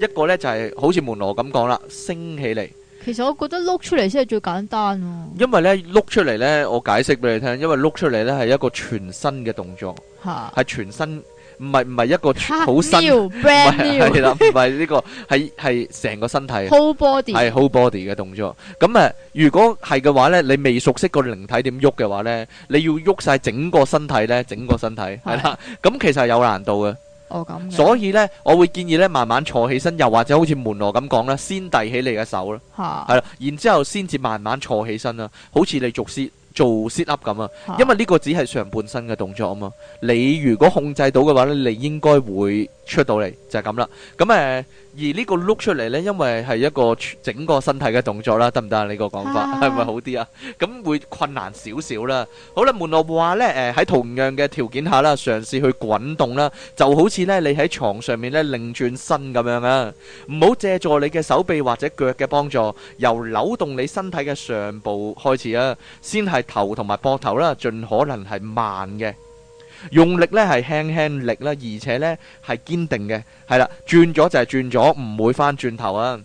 一個呢就係、是、好似門羅咁講啦，升起嚟。其實我覺得碌出嚟先係最簡單、啊。因為呢，碌出嚟呢，我解釋俾你聽，因為碌出嚟呢係一個全身嘅動作，係哈全身。唔係唔係一個好新，係啦，唔係呢個係係成個身體係 whole body 嘅動作。咁啊，如果係嘅話呢，你未熟悉個靈體點喐嘅話呢，你要喐晒整個身體呢，整個身體係啦。咁 [laughs] 其實有難度嘅，哦、所以呢，我會建議呢，慢慢坐起身，又或者好似門羅咁講啦，先遞起你嘅手啦，係啦， [laughs] 然之後先至慢慢坐起身啦，好似你做師 S 做 sit up 咁啊，因為呢個只係上半身嘅動作啊嘛，你如果控制到嘅話咧，你應該會。出到嚟就係咁啦，咁誒而呢個碌出嚟咧，因為係一個整個身體嘅動作啦，得唔得啊？你個講法係咪好啲啊？咁會困難少少啦。好啦，門羅話咧誒喺同樣嘅條件下啦，嘗試去滾動啦，就好似咧你喺牀上面咧，令轉身咁樣啊，唔好借助你嘅手臂或者腳嘅幫助，由扭動你身體嘅上部開始啊，先係頭同埋膊頭啦，盡可能係慢嘅。用力呢係輕輕力啦，而且呢係堅定嘅，係啦，轉咗就係轉咗，唔會返轉頭啊！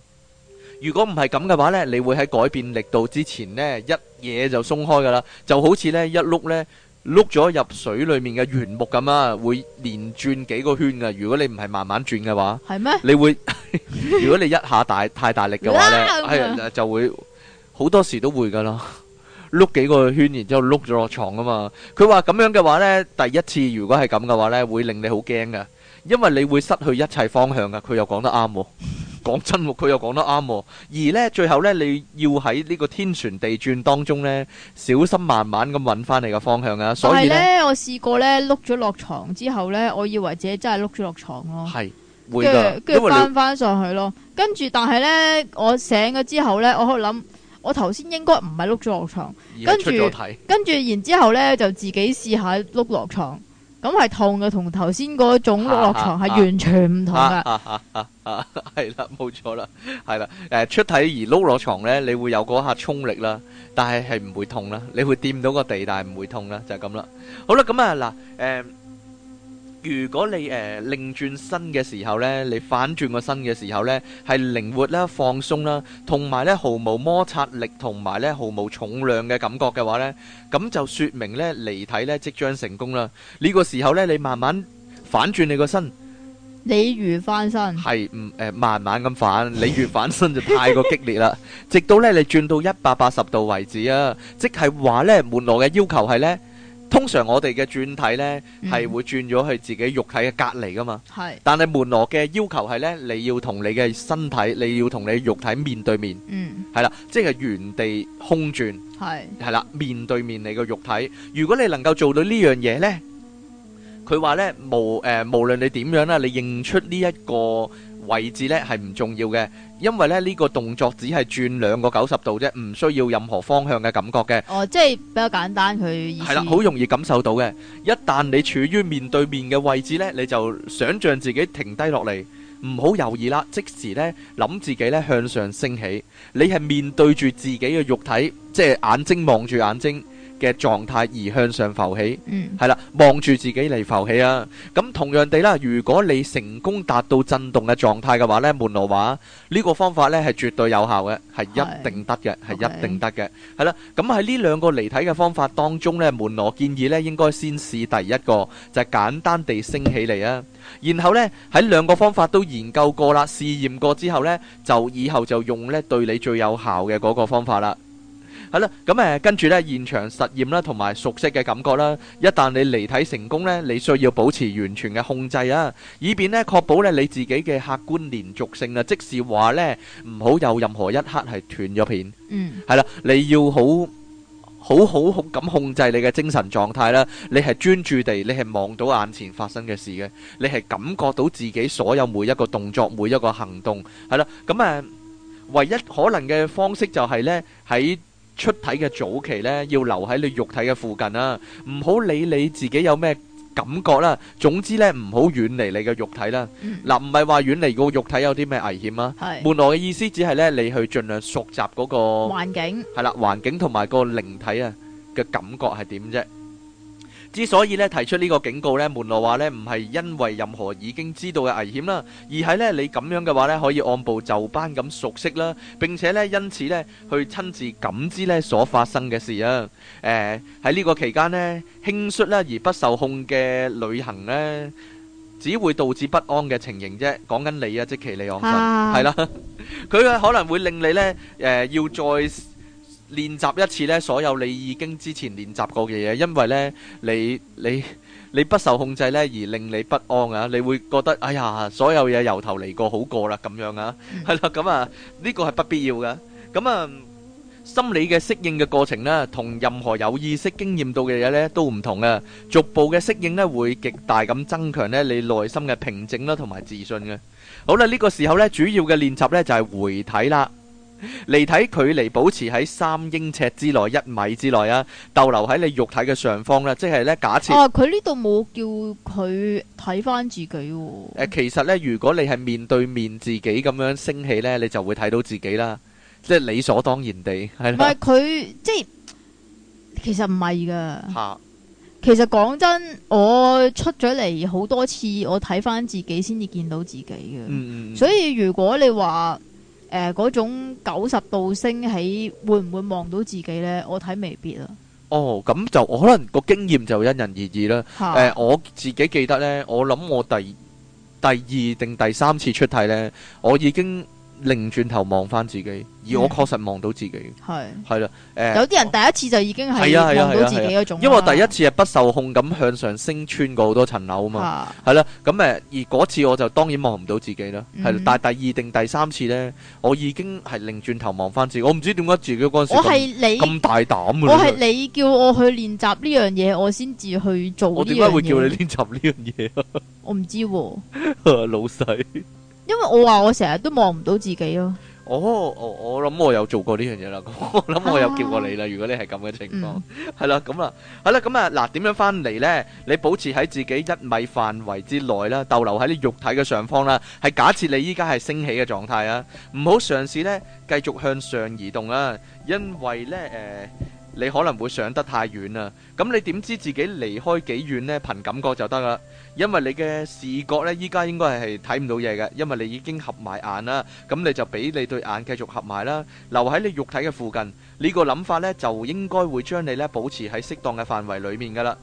如果唔係咁嘅話呢，你會喺改變力度之前呢，一嘢就鬆開噶啦，就好似呢一碌呢，碌咗入水裏面嘅原木咁啊，會連轉幾個圈噶。如果你唔係慢慢轉嘅話，係咩嗎？你會 [laughs] 如果你一下大 [laughs] 太大力嘅話呢，係啊， [laughs] 就會好多時都會噶啦。碌幾個圈，然之後碌咗落床啊嘛！佢話咁樣嘅話咧，第一次如果係咁嘅話咧，會令你好驚噶，因為你會失去一切方向噶。佢又講得啱喎，講真喎，佢又講得啱喎。而咧最後咧，你要喺呢個天旋地轉當中咧，小心慢慢咁搵翻你嘅方向啊！所以咧，我試過咧碌咗落床之後咧，我以為自己真係碌咗落床咯，係，會噶，跟住翻翻上去咯。跟住，但係咧，我醒咗之後咧，我喺度諗。我頭先應該唔係碌咗落床，跟住跟住，然之後咧就自己試下碌落床，咁係痛嘅，同頭先嗰種碌落床係完全唔同噶。啊啊啊啊啊啊，係啦，冇錯啦，係啦，誒，出體而碌落床咧，你會有嗰下衝力啦，但係係唔會痛啦，你會掂到個地，但係唔會痛啦，就係咁啦。好啦，咁啊嗱，誒。嗯如果你誒擰轉身嘅時候咧，你反轉個身嘅時候咧，係靈活啦、放鬆啦，同埋咧毫無摩擦力，同埋咧毫無重量嘅感覺嘅話咧，咁就說明咧離體咧即將成功啦。呢個時候咧，你慢慢反轉你個身，你越翻身係唔誒慢慢咁反，你越翻身就太過激烈啦。直到咧你轉到一百八十度為止啊，即係話咧門羅嘅要求係咧。通常我哋嘅轉體呢，係會轉咗去自己肉體嘅隔離㗎嘛。係。但係門羅嘅要求係呢，你要同你嘅身體，你要同你肉體面對面。嗯。係啦，即係原地空轉。係。係啦，面對面你個肉體，如果你能夠做到呢樣嘢呢，佢話呢無誒，無論你點樣啦，你認出呢一個位置呢係唔重要嘅，因為咧呢個動作只係轉兩個九十度啫，唔需要任何方向嘅感覺嘅。哦，即係比較簡單，佢意思，係啦，好容易感受到嘅。一旦你處於面對面嘅位置呢，你就想象自己停低落嚟，唔好猶豫啦，即時呢諗自己呢向上升起。你係面對住自己嘅肉體，即係眼睛望住眼睛嘅狀態而向上浮起，係啦、嗯，望住自己嚟浮起啊！咁同樣地啦，如果你成功達到震動嘅狀態嘅話呢，門羅話呢個方法呢係絕對有效嘅，係一定得嘅，係是一定得嘅，係啦 Okay.。咁喺呢兩個離體嘅方法當中呢，門羅建議呢應該先試第一個，就係，簡單地升起嚟啊。然後呢，喺兩個方法都研究過啦，試驗過之後呢，就以後就用呢對你最有效嘅嗰個方法啦。係啦，咁誒，跟住咧，現場實驗啦，同埋熟悉嘅感覺啦。一旦你離體成功咧，你需要保持完全嘅控制啊，以便咧確保咧你自己嘅客觀連續性啊。即是話咧，唔好有任何一刻係斷咗片。嗯，係啦、嗯，你要好好好好咁控制你嘅精神狀態啦。你係專注地，你係望到眼前發生嘅事嘅，你係感覺到自己所有每一個動作、每一個行動。係啦，咁誒，唯一可能嘅方式就係咧喺。出體嘅早期咧，要留喺你肉體嘅附近啦，唔好理你自己有咩感覺啦。總之咧，唔好遠離你嘅肉體啦。嗱，唔係話遠離個肉體有啲咩危險啊？係，門羅嘅意思只係咧，你去盡量熟習嗰個環境，係啦，環境同埋個靈體啊嘅感覺係點啫。之所以咧提出呢個警告咧，門羅話咧唔係因為任何已經知道嘅危險啦，而係咧你咁樣嘅話咧可以按部就班咁熟悉啦，並且咧因此咧去親自感知咧所發生嘅事啊。誒、呃，喺呢個期間呢，輕率咧而不受控嘅旅行咧，只會導致不安嘅情形啫。講緊你啊，即其你講係啦，佢、啊、 [laughs] 可能會令你咧誒、呃、要再。練習一次咧，所有你已經之前練習過嘅嘢，因為咧你你你不受控制咧而令你不安啊！你會覺得哎呀，所有嘢，由頭嚟過好過啦咁樣啊，係啦咁啊，呢個係不必要噶咁啊，心理嘅適應嘅過程咧，同任何有意識經驗到嘅嘢咧都唔同嘅。逐步嘅適應咧，會極大咁增強咧你內心嘅平靜啦，同埋自信嘅。好啦，呢個時候咧，主要嘅練習咧就係回體啦。離體距離保持喺三英尺之內，一米之內啊，逗留喺你肉體嘅上方啦、啊，即係咧假設、啊。哦，佢呢度冇叫佢睇翻自己、啊。誒、啊，其實咧，如果你係面對面自己咁樣升起咧，你就會睇到自己啦，即係理所當然地係。唔係佢即係，其實唔係噶。吓、啊，其實講真，我出咗嚟好多次，我睇翻自己先至見到自己嘅。嗯，嗯。所以如果你話，誒嗰、呃、種九十度升起會唔會望到自己呢？我睇未必啊。哦，咁就我可能個經驗就因人而異啦。誒、 [laughs] 呃，我自己記得呢，我諗我第第二定第三次出體呢，我已經，擰轉頭望翻自己，而我確實望到自己，係係啦，誒的，欸，有啲人第一次就已經係望的到自己嗰種，因為我第一次係不受控咁向上升穿過好多層樓啊嘛，係啦的，咁誒的，而嗰次我就當然望唔到自己啦，係，嗯，但係第二定第三次咧，我已經係擰轉頭望翻自己，我唔知點解自己嗰陣時我係你咁大膽，啊，我係你叫我去練習呢樣嘢，我先至去做，我點解會叫你練習呢樣嘢？我唔知喎，啊， [laughs] [laughs] 老細。因為我話我成日都望唔到自己咯，哦，我我諗我有做過呢樣嘢啦，我諗我有叫過你啦。如果你係咁嘅情況，係啦，咁啦，好啦，咁啊，嗱，點樣翻嚟呢？你保持喺自己一米範圍之內啦，逗留喺你肉體嘅上方啦，係假設你依家係升起嘅狀態啊，唔好嘗試呢繼續向上移動啊，因為呢。誒。你可能會上得太遠啦，咁你點知自己離開幾遠呢？憑感覺就得啦，因為你嘅視覺呢，依家應該係睇唔到嘢嘅，因為你已經合埋眼啦。咁你就俾你對眼繼續合埋啦，留喺你肉體嘅附近。呢個諗法呢，就應該會將你呢保持喺適當嘅範圍裡面噶啦。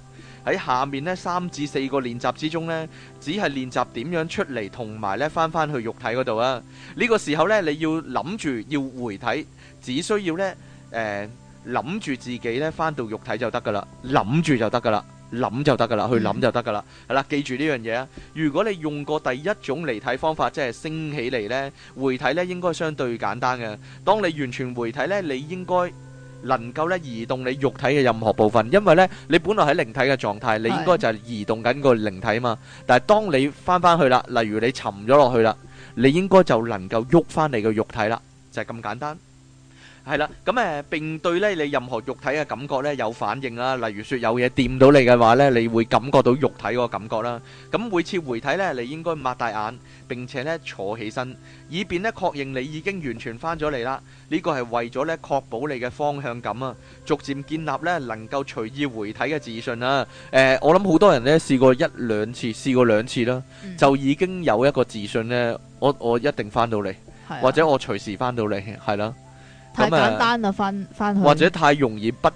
喺下面呢，三至四個練習之中呢，只係練習點樣出嚟同埋呢翻翻去肉體嗰度啊。呢個時候呢，你要諗住要回體，只需要呢。誒、呃。諗住自己呢，翻到肉體就得噶啦，諗住就得噶啦，諗就得噶啦，去諗就得噶啦，係啦，記住呢樣嘢啊。如果你用過第一種離體方法，即係升起嚟呢，回體呢應該相對簡單嘅。當你完全回體呢，你應該能夠呢移動你肉體嘅任何部分，因為呢你本來喺靈體嘅狀態，你應該就係移動緊個靈體嘛。係啦，咁誒、嗯、並對咧，你任何肉體嘅感覺咧有反應啦。例如説，有嘢掂到你嘅話咧，你會感覺到肉體嗰個感覺啦。咁每次回體咧，你應該擘大眼並且咧坐起身，以便咧確認你已經完全翻咗嚟啦。呢個係為咗咧確保你嘅方向感啊，逐漸建立咧能夠隨意回體嘅自信啦。誒、呃，我諗好多人咧試過一兩次，試過兩次啦，嗯、就已經有一個自信咧，我我一定翻到嚟，係啦，或者我隨時翻到嚟，係啦。太簡單啦，翻翻去或者太容易不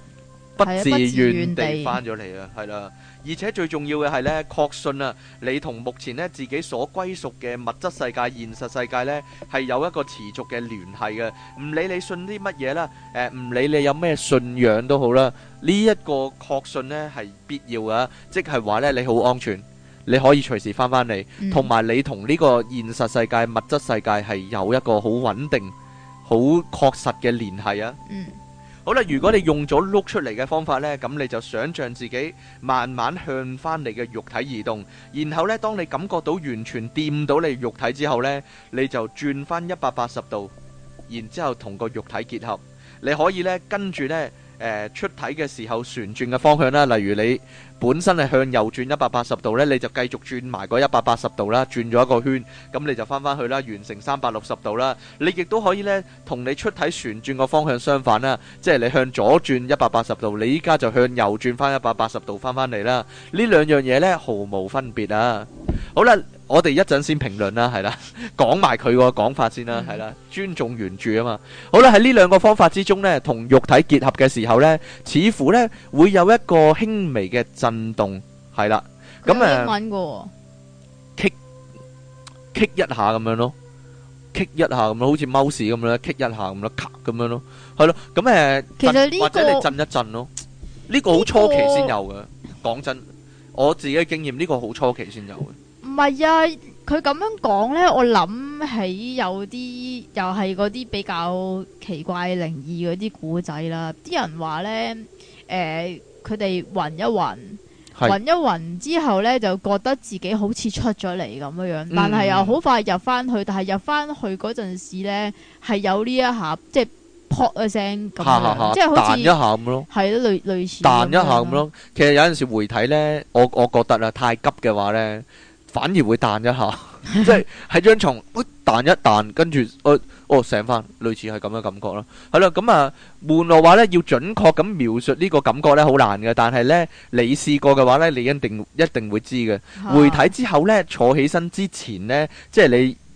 不自願地翻咗嚟啦，係啦。而且最重要嘅係咧，確信啊，你同目前咧自己所歸屬嘅物質世界、現實世界咧係有一個持續嘅聯繫嘅。唔理你信啲乜嘢啦，誒、呃，唔理你有咩信仰都好啦，這個、確呢一個確信咧係必要㗎，即係話咧你好安全，你可以隨時翻翻嚟，同埋、嗯、你同呢個現實世界、物質世界係有一個好穩定。好確實嘅聯繫啊。嗯、好啦，如果你用咗碌出嚟嘅方法呢，咁你就想象自己慢慢向翻你嘅肉體移動，然後呢，當你感覺到完全掂到你肉體之後呢，你就轉翻一百八十度，然之後同個肉體結合，你可以呢，跟住呢。呃、出體嘅時候旋轉嘅方向啦，例如你本身係向右轉一百八十度呢，你就繼續轉埋嗰一百八十度啦，轉咗一個圈，咁你就翻翻去啦，完成三百六十度啦。你亦都可以呢，同你出體旋轉個方向相反啦，即係你向左轉一百八十度，你依家就向右轉翻一百八十度翻返嚟啦。呢兩樣嘢呢，毫無分別啊。好啦。我哋一陣先評論啦，係啦，講埋佢個講法先啦，係啦，尊重原著啊嘛。好啦，喺呢兩個方法之中咧，同肉體結合嘅時候咧，似乎咧會有一個輕微嘅震動，係啦，咁啊，棘棘一下咁樣咯，棘一下咁樣，好似貓屎咁咧，棘一下咁咯，咔咁樣咯，係咯，咁誒，其實呢個或者你震一震咯，呢個好初期先有嘅。講真，我自己嘅經驗，呢個好初期先有嘅。唔係啊，佢咁樣講咧，我諗起有啲又係嗰啲比較奇怪、靈異嗰啲古仔啦。啲人話咧，誒、呃，佢哋暈一暈，暈是一暈之後咧，就覺得自己好似出咗嚟咁嘅樣，嗯、但係又好快入翻去。但係入翻去嗰陣時咧，係有呢一，下一下，即係撲一聲咁，即係好似彈一下咁咯，係咯，類類似彈一下咁咯。其實有陣時回體咧，我我覺得啦，太急嘅話咧。反而會彈一下，即係喺張床、呃、彈一彈，跟住我、呃、哦醒翻，類似係咁嘅感覺啦。係啦，咁、嗯、啊門羅話呢要準確咁描述呢個感覺呢，好難嘅。但係呢，你試過嘅話呢，你一定一定會知嘅。啊、回體之後呢，坐起身之前呢，即係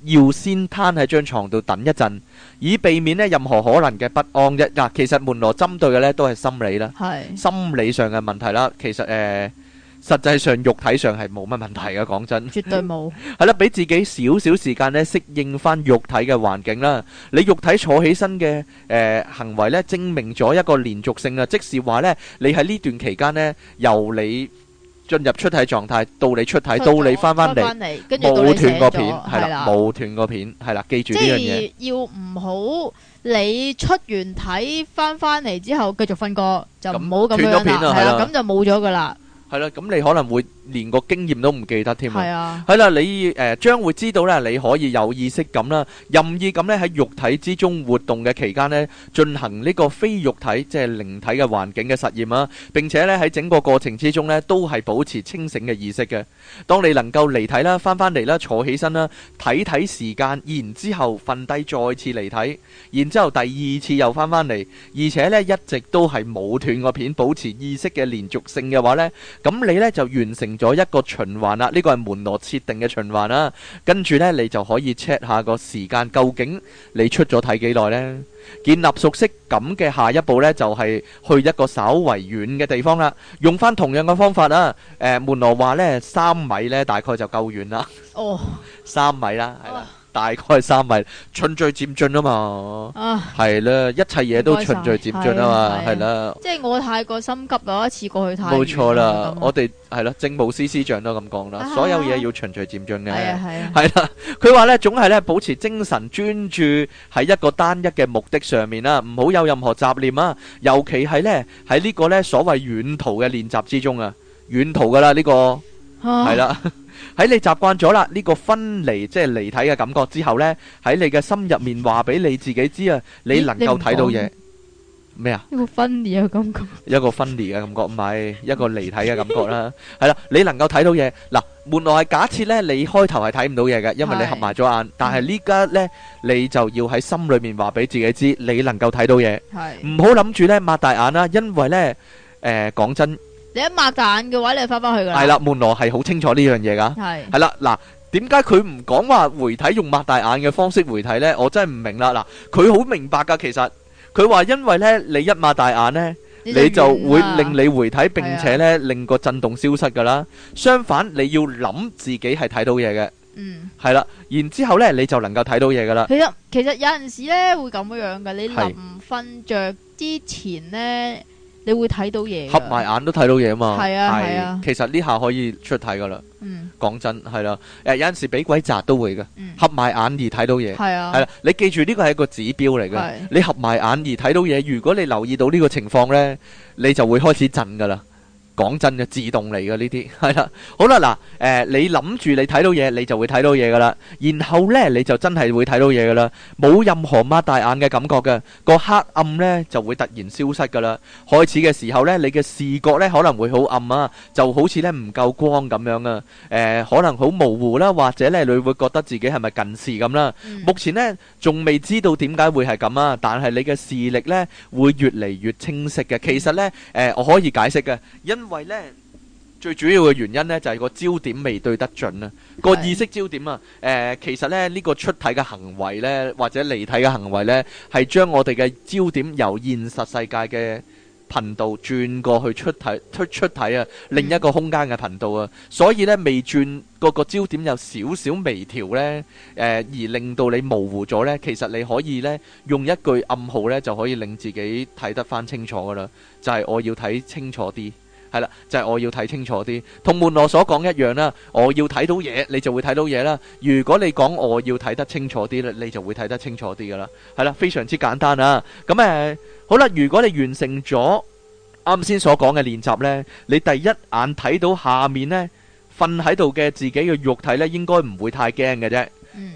你要先攤喺張床度等一陣，以避免呢任何可能嘅不安嘅。嗱、啊，其實門羅針對嘅呢都係心理啦，是心理上嘅問題啦。其實誒。呃實際上，肉體上係冇乜問題嘅。講真，絕對冇係啦，俾自己少少時間咧，適應翻肉體嘅環境啦。你肉體坐起身嘅誒行為咧，證明咗一個連續性啊！即是話呢，你喺呢段期間呢，由你進入出體狀態到你出體，到你翻翻嚟，冇斷過片係啦，冇斷過片係啦，記住呢樣嘢。要唔好你出完體翻翻嚟之後繼續瞓覺，就唔好咁樣啦。係啦，咁就冇咗噶啦。係啦，咁你可能會連個經驗都唔記得添啊！係啦，你誒將會知道咧，你可以有意識咁啦，任意咁咧喺肉體之中活動嘅期間咧，進行呢個非肉體即係靈體嘅環境嘅實驗啦。並且咧喺整個過程之中咧，都係保持清醒嘅意識嘅。當你能夠離體啦，翻翻嚟啦，坐起身啦，睇睇時間，然之後瞓低，再次離體，然之後第二次又翻翻嚟，而且咧一直都係冇斷過片，保持意識嘅連續性嘅話咧。咁你呢就完成咗一個循環啦，呢、這個係門羅設定嘅循環啦。跟住呢，你就可以 check 下個時間究竟你出咗睇幾耐呢。建立熟悉咁嘅下一步呢，就係、是、去一個稍為遠嘅地方啦。用翻同樣嘅方法啦。誒、呃，門羅話呢，三米呢大概就夠遠啦。哦，oh. 三米啦，係啦、oh.。大概三米，循序漸進啊嘛，係啦，一切嘢都循序漸進啊嘛，係啦。即係我太過心急啦，一次過去太遠。冇錯啦，我哋係咯，政務司司長都咁講啦，所有嘢要循序漸進嘅。係啊係啊。係啦，佢話呢，總係呢，保持精神專注喺一個單一嘅目的上面啦，唔好有任何雜念啊。尤其係呢，喺呢個呢所謂遠途嘅練習之中啊，遠途噶啦呢個，係啦。喺你習慣咗啦，呢個分離即係離體嘅感覺之後呢，喺你嘅心入面話俾你自己知啊，你能夠睇到嘢咩啊？麼一個分離嘅感覺， [laughs] 一個分離嘅感覺，唔係一個離體嘅感覺啦。係啦， [laughs] 你能夠睇到嘢嗱，門羅係假設呢，你開頭係睇唔到嘢嘅，因為你合埋咗眼。的但係呢家呢，你就要喺心裏面話俾自己知，你能夠睇到嘢。唔好諗住呢，擘大眼啦，因為呢，誒、呃，講真。你一擘大眼嘅話，你就翻翻去噶啦。係啦，門羅係好清楚呢樣嘢噶。係係啦，嗱，點解佢唔講話回體用擘大眼嘅方式回體咧？我真係唔明啦。嗱，佢好明白噶，其實佢話因為咧，你一擘大眼咧，你就會令你回體，並且咧令個震動消失噶啦。相反，你要諗自己係睇到嘢嘅。嗯，係啦，然之後咧，你就能夠睇到嘢噶啦。其實其實有陣時咧會咁樣樣嘅，你臨瞓着之前咧。你會睇到嘢，合埋眼都睇到嘢嘛！係啊，係啊，啊啊，其實呢下可以出去睇噶啦。嗯，講真係啦，誒、啊、有陣時俾鬼砸都會嘅，嗯、合埋眼而睇到嘢。係啊，係啦、啊啊，你記住呢個係一個指標嚟嘅，啊、你合埋眼而睇到嘢，如果你留意到呢個情況呢，你就會開始震噶啦。講真嘅，自動嚟嘅呢啲，係啦，好啦，嗱，誒，你諗住你睇到嘢，你就會睇到嘢噶啦，然後咧，你就真係會睇到嘢噶啦，冇任何擘大眼嘅感覺噶，個黑暗咧就會突然消失噶啦。開始嘅時候咧，你嘅視覺咧可能會好暗啊，就好似咧唔夠光咁樣啊，誒，可能好模糊啦，或者咧你會覺得自己係咪近視咁啦。目前咧仲未知道點解會係咁啊，但係你嘅視力咧會越嚟越清晰嘅。其實咧，誒，我可以解釋嘅，因因為咧，最主要嘅原因咧，就係、是、個焦點未對得準啦、啊。 [noise] 個意識焦點啊，誒、呃，其實咧呢、這個出體嘅行為咧，或者離體嘅行為咧，係將我哋嘅焦點由現實世界嘅頻道轉過去出體出出體啊，另一個空間嘅頻道啊。 [noise] 所以咧未轉，個個焦點有少少微調咧，誒、呃，而令到你模糊咗咧。其實你可以咧用一句暗號咧，就可以令自己睇得翻清楚噶啦。就係、是、我要睇清楚啲。係啦，就係、是、我要睇清楚啲，同門羅所講一樣啦。我要睇到嘢，你就會睇到嘢啦。如果你講我要睇得清楚啲咧，你就會睇得清楚啲噶啦。係啦，非常之簡單啊。咁誒，好啦，如果你完成咗啱先所講嘅練習呢，你第一眼睇到下面呢，瞓喺度嘅自己嘅肉體呢，應該唔會太驚嘅啫。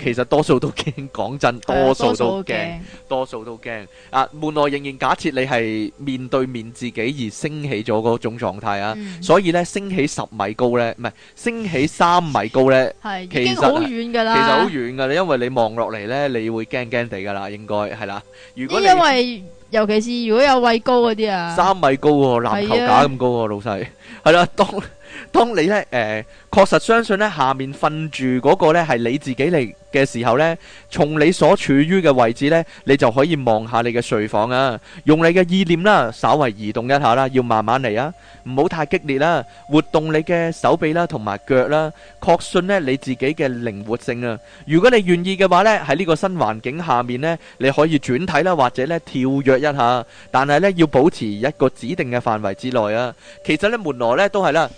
其實多數都驚，講真，多數都驚，多數都驚。啊，門羅仍然假設你係面對面自己而升起咗嗰種狀態啊，嗯、所以咧升起十米高咧，唔係升起三米高咧，係 [laughs] 是其實好遠噶啦，遠其實好遠噶，你因為你望落嚟咧，你會驚驚地噶啦，應該係啦。如果你因為尤其是如果有畏高嗰啲啊，三米高喎，啊，籃球架咁高喎，啊，的老細係啦，都。當 [laughs] 當你咧誒，確實相信咧下面瞓住嗰個咧係你自己嚟嘅時候咧，從你所處於嘅位置咧，你就可以望下你嘅睡房啊，用你嘅意念啦，稍為移動一下啦，要慢慢嚟啊，唔好太激烈啦，活動你嘅手臂啦同埋腳啦，確信咧你自己嘅靈活性啊。如果你願意嘅話咧，喺呢個新環境下面呢，你可以轉體啦或者咧跳躍一下，但係呢，要保持一個指定嘅範圍之內啊。其實呢，門羅呢都係啦。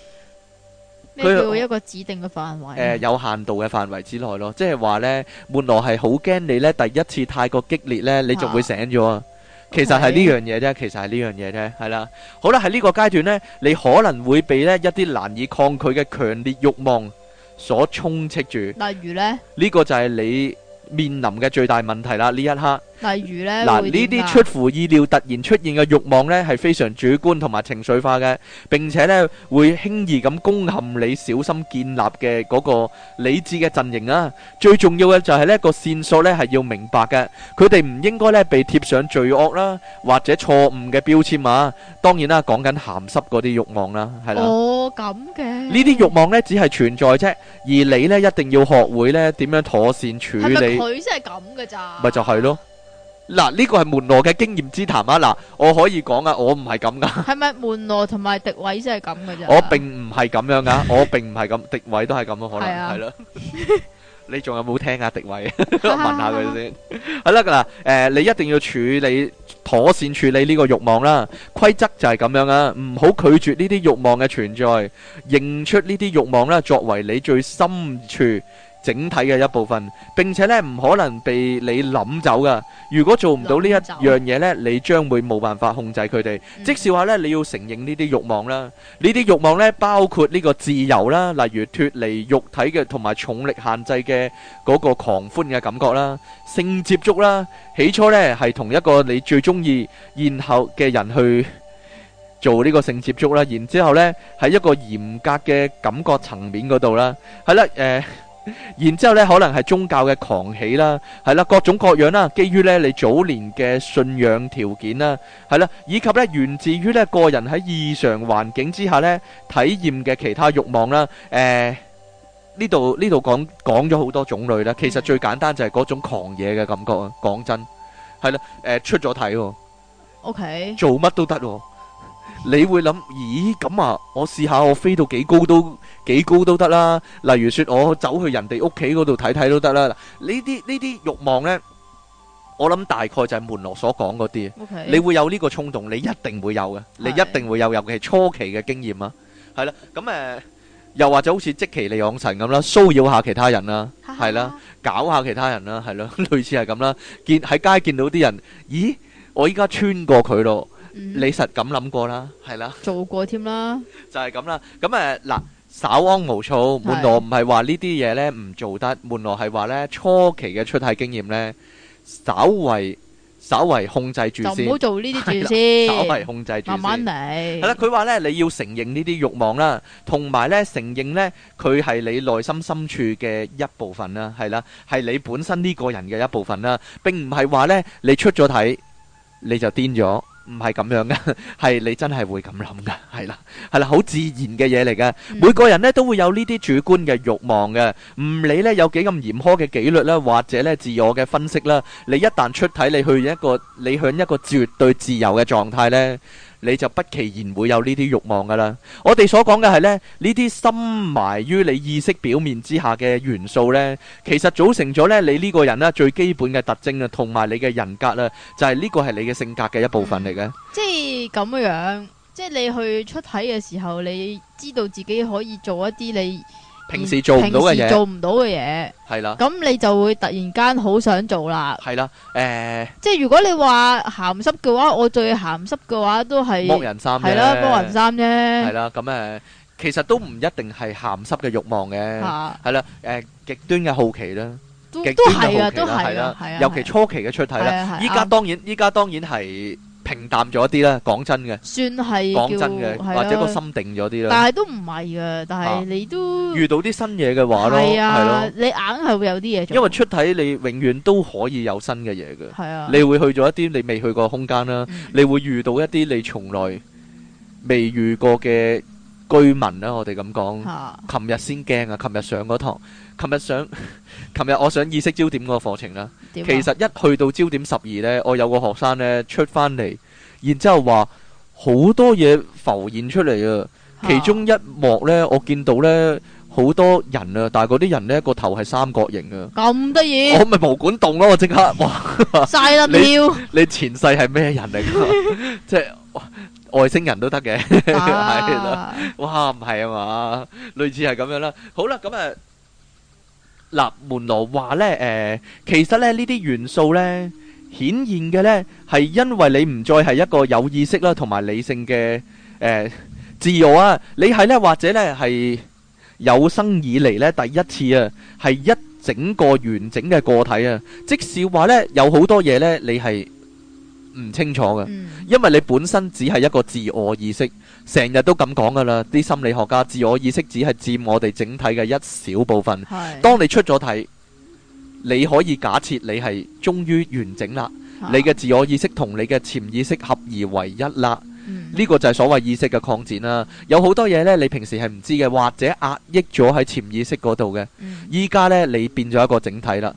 佢一個指定嘅範圍，誒、呃、有限度嘅範圍之內咯，即係話咧，門羅係好驚你咧第一次太過激烈咧，你仲會醒咗、啊 okay？其實係呢樣嘢啫，其實係呢樣嘢啫，係啦。好啦，喺呢個階段咧，你可能會被咧一啲難以抗拒嘅強烈慾望所充斥住。例如咧，呢個就係你面臨嘅最大問題啦。呢一刻。例如呢，嗱，呢啲出乎意料突然出現嘅慾望呢係非常主觀同埋情緒化嘅，並且呢會輕易咁攻陷你小心建立嘅嗰個理智嘅陣營啊！最重要嘅就係呢個線索呢係要明白嘅，佢哋唔應該呢被貼上罪惡啦或者錯誤嘅標籤啊！當然啦，講緊咸濕嗰啲慾望啦，係啦。哦，咁嘅呢啲慾望呢只係存在啫，而你呢一定要學會呢點樣妥善處理。佢先係咁嘅咋？咪就係咯。嗱，呢個係門羅嘅經驗之談啊！嗱，我可以講啊，我唔係咁噶。係咪門羅同埋迪偉先係咁嘅啫？我並唔係咁樣噶，我並唔係咁，迪偉都係咁咯，可能係咯。你仲有冇聽啊？迪偉問下佢先。係啦，嗱，誒，你一定要處理妥善處理呢個慾望啦。規則就係咁樣啊，唔好拒絕呢啲慾望嘅存在，認出呢啲慾望啦，作為你最深處。整體嘅一部分，並且咧唔可能被你諗走㗎。如果做唔到呢一樣嘢咧，你將會冇辦法控制佢哋。即係話咧，你要承認呢啲慾望啦。呢啲慾望咧，包括呢個自由啦，例如脫離肉體嘅同埋重力限制嘅嗰個狂歡嘅感覺啦，性接觸啦。起初咧係同一個你最中意，然後嘅人去做呢個性接觸啦，然之後咧喺一個嚴格嘅感覺層面嗰度啦，係啦，誒。，然之後咧可能係宗教嘅狂喜啦，係啦，各種各樣啦，基於咧你早年嘅信仰條件啦，係啦，以及咧源自於咧個人喺異常環境之下咧體驗嘅其他慾望啦，誒、呃。呢度呢度講講咗好多種類啦，其實最簡單就係嗰種狂野嘅感覺啊！講真，係啦，誒、呃，出咗體你會諗，咦咁啊？我試下我飛到幾高都幾高都得啦。例如說，我走去人哋屋企嗰度睇睇都得啦。嗱，呢啲呢啲欲望呢，我諗大概就係門羅所講嗰啲。你會有呢個衝動，你一定會有嘅，你一定會有，尤其係初期嘅經驗啊。係啦，咁誒，又或者好似即其嚟養神咁啦，騷擾下其他人啦，係啦，搞下其他人啦，係咯，類似係咁啦。見喺街見到啲人，咦？我依家穿過佢咯。 [noise] 你實咁諗過啦,係啦.做過添啦.就係咁啦.咁,嗱,稍安勿躁,門羅唔係話呢啲嘢呢,唔做得,門羅係話呢,初期嘅出體經驗呢,稍微,稍微控制住先。就唔好做呢啲住先。稍微控制住先。慢慢嚟。你確實這樣想過了,是的, [laughs] 唔係咁樣嘅，係你真係會咁諗噶係啦，係啦，好自然嘅嘢嚟嘅。嗯，每個人呢，都會有呢啲主觀嘅欲望嘅。唔理呢有幾咁嚴苛嘅紀律啦，或者呢自我嘅分析啦，你一旦出體，你去一個你向一個絕對自由嘅狀態呢。你就不其然會有呢啲慾望㗎喇。我哋所講嘅係呢，呢啲深埋於你意識表面之下嘅元素呢，其實組成咗呢你呢個人呢最基本嘅特徵啊，同埋你嘅人格啦，就係呢個係你嘅性格嘅一部分嚟嘅。即係咁樣，即係你去出體嘅時候，你知道自己可以做一啲你。平時做唔到嘅嘢，做唔到嘅嘢，係啦。咁你就會突然間好想做啦。係啦，誒，即係如果你話鹹濕嘅話，我最鹹濕嘅話都係。剝人衫，係啦，剝人衫啫。係啦，咁誒，其實都唔一定係鹹濕嘅欲望嘅，係啦，誒，極端嘅好奇啦。都係啊，都係啊，係啊，尤其初期嘅出體啦。依家當然，依家當然係。平淡咗啲啦，講真嘅，算係講真嘅，啊、或者個心定咗啲啦。但係都唔係嘅，但係你都、啊、遇到啲新嘢嘅話咯，係咯、啊，啊、你硬係會有啲嘢。因為出體你永遠都可以有新嘅嘢嘅，係啊，你會去咗一啲你未去過嘅空間啦，啊、你會遇到一啲你從來未遇過嘅居民啦。我哋咁講，琴日先驚啊，琴日、日上嗰堂，琴日上。 [laughs] 琴日我想意識焦點個課程啦，啊、其實一去到焦點十二咧，我有個學生咧出翻嚟，然之後話好多嘢浮現出嚟啊！其中一幕咧，我見到咧好多人啊，但係嗰啲人咧個頭係三角形啊。咁得意，我咪毛管動咯，我即刻哇！曬啦屌！你前世係咩人嚟㗎？ [laughs] [laughs] 即係外星人都得嘅，係啦、啊。哇， [laughs] 唔係啊嘛，類似係咁樣啦。好啦，咁啊。嗱，門羅話呢，誒、呃，其實咧呢啲元素呢，顯現嘅呢，係因為你唔再係一個有意識啦，同埋理性嘅誒、呃、自我啊，你係呢，或者呢，係有生以嚟呢第一次啊，係一整個完整嘅個體啊，即使話呢，有好多嘢呢，你係唔清楚嘅，嗯、因為你本身只係一個自我意識。成日都咁講噶啦，啲心理學家，自我意識只係佔我哋整體嘅一小部分。係， [music] 當你出咗體，你可以假設你係終於完整啦， [music] 你嘅自我意識同你嘅潛意識合而為一啦。呢 [music] 個就係所謂意識嘅擴展啦。有好多嘢呢，你平時係唔知嘅，或者壓抑咗喺潛意識嗰度嘅。依家 [music] 呢，你變咗一個整體啦，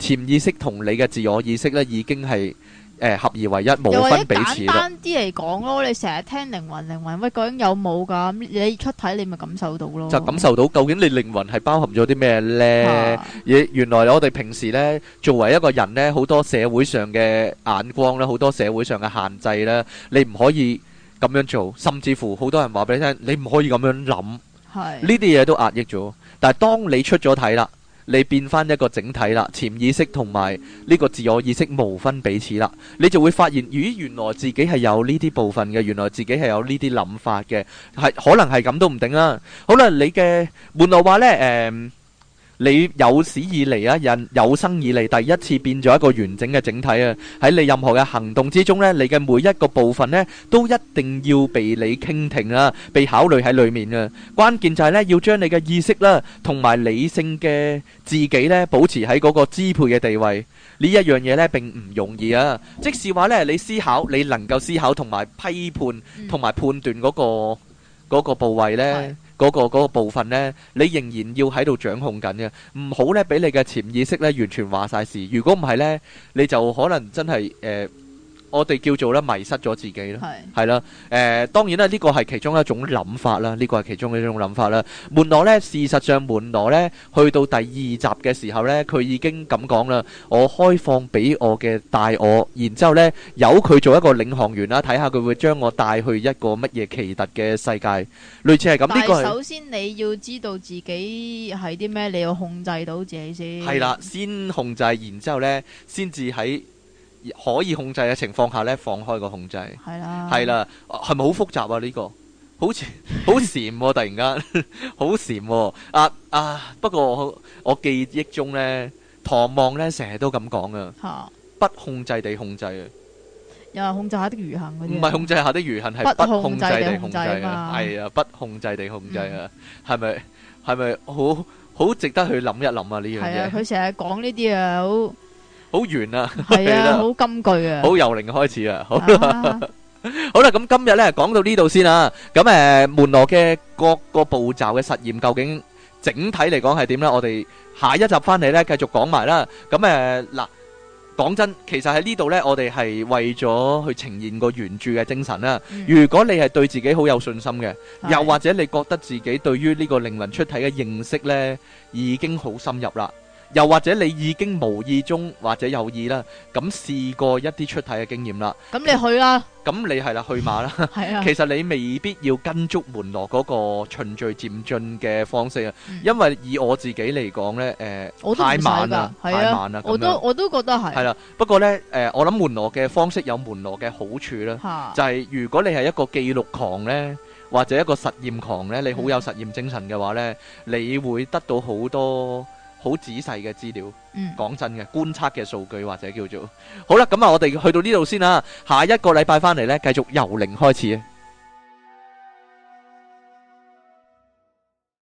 潛意識同你嘅自我意識呢，已經係。誒合二為一，冇分彼此。簡單啲嚟講咯， [noise] 你成日聽靈魂靈魂，喂，究竟有冇㗎？你出體你咪感受到咯。就感受到，究竟你靈魂係包含咗啲咩呢？咦、啊，原來我哋平時呢，作為一個人呢，好多社會上嘅眼光咧，好多社會上嘅限制咧，你唔可以咁樣做，甚至乎好多人話俾你聽，你唔可以咁樣諗。係是。呢啲嘢都壓抑咗，但係當你出咗體啦。你變翻一個整體啦，潛意識同埋呢個自我意識無分彼此啦，你就會發現咦，原來自己係有呢啲部分嘅，原來自己係有呢啲諗法嘅，係可能係咁都唔定啦。好啦，你嘅門羅話呢？誒、呃。你有史以嚟啊，人有生以嚟第一次變咗一個完整嘅整體啊！喺你任何嘅行動之中咧，你嘅每一個部分咧，都一定要被你傾聽啊，被考慮喺裡面啊。關鍵就係咧，要將你嘅意識啦，同埋理性嘅自己咧，保持喺嗰個支配嘅地位。呢一樣嘢咧，並唔容易啊！即使話咧，你思考你能夠思考同埋批判同埋判斷嗰個嗰個部位咧。嗰個嗰個部分呢，你仍然要喺度掌控緊嘅，唔好呢，俾你嘅潛意識呢完全話晒事。如果唔係呢，你就可能真係誒。呃我哋叫做咧迷失咗自己咯，係啦是，誒、呃，當然咧呢個係其中一種諗法啦，呢個係其中一種諗法啦。滿諾呢，事實上門羅呢，去到第二集嘅時候呢，佢已經咁講啦，我開放俾我嘅大我，然之後咧由佢做一個領航員啦，睇下佢會將我帶去一個乜嘢奇特嘅世界，類似係咁。呢係首先你要知道自己係啲咩，你要控制到自己先。係啦，先控制，然之後咧，先至喺。可以控制嘅情況下咧，放開個控制係啦，係啦、啊，係咪好複雜啊？呢、這個好似 [laughs] 好禪、啊，突然間好禪啊啊，啊！不過我，我記憶中咧，唐望咧成日都咁講噶，啊、不控制地控制啊，又控制下啲愚行，唔係控制下啲愚行，係不控制地控制啊，係啊，不控制地控制啊，係咪係咪好好值得去諗一諗啊？呢樣嘢，佢成日講呢啲啊。好圓啊，係啊，好金句啊，好由零開始啊，好啦，好啦，咁今日呢講到呢度先啦。咁誒，門羅嘅各個步驟嘅實驗究竟整體嚟講係點呢？我哋下一集翻嚟呢繼續講埋啦。咁誒，嗱，講真，其實喺呢度呢，我哋係為咗去呈現個原著嘅精神啦。如果你係對自己好有信心嘅，又或者你覺得自己對於呢個靈魂出體嘅認識呢，已經好深入啦。又或者你已經無意中或者有意啦，咁試過一啲出體嘅經驗啦。咁你去啦。咁你係啦，去馬啦。係啊。其實你未必要跟足門羅嗰個循序漸進嘅方式啊，因為以我自己嚟講咧，誒，太慢啦，太慢啦。我都我都覺得係。係啦，不過咧，誒，我諗門羅嘅方式有門羅嘅好處啦，就係如果你係一個記錄狂咧，或者一個實驗狂咧，你好有實驗精神嘅話咧，你會得到好多。好仔細嘅資料，嗯、講真嘅觀察嘅數據或者叫做，好啦，咁啊，我哋去到呢度先啦，下一個禮拜翻嚟咧，繼續由零開始。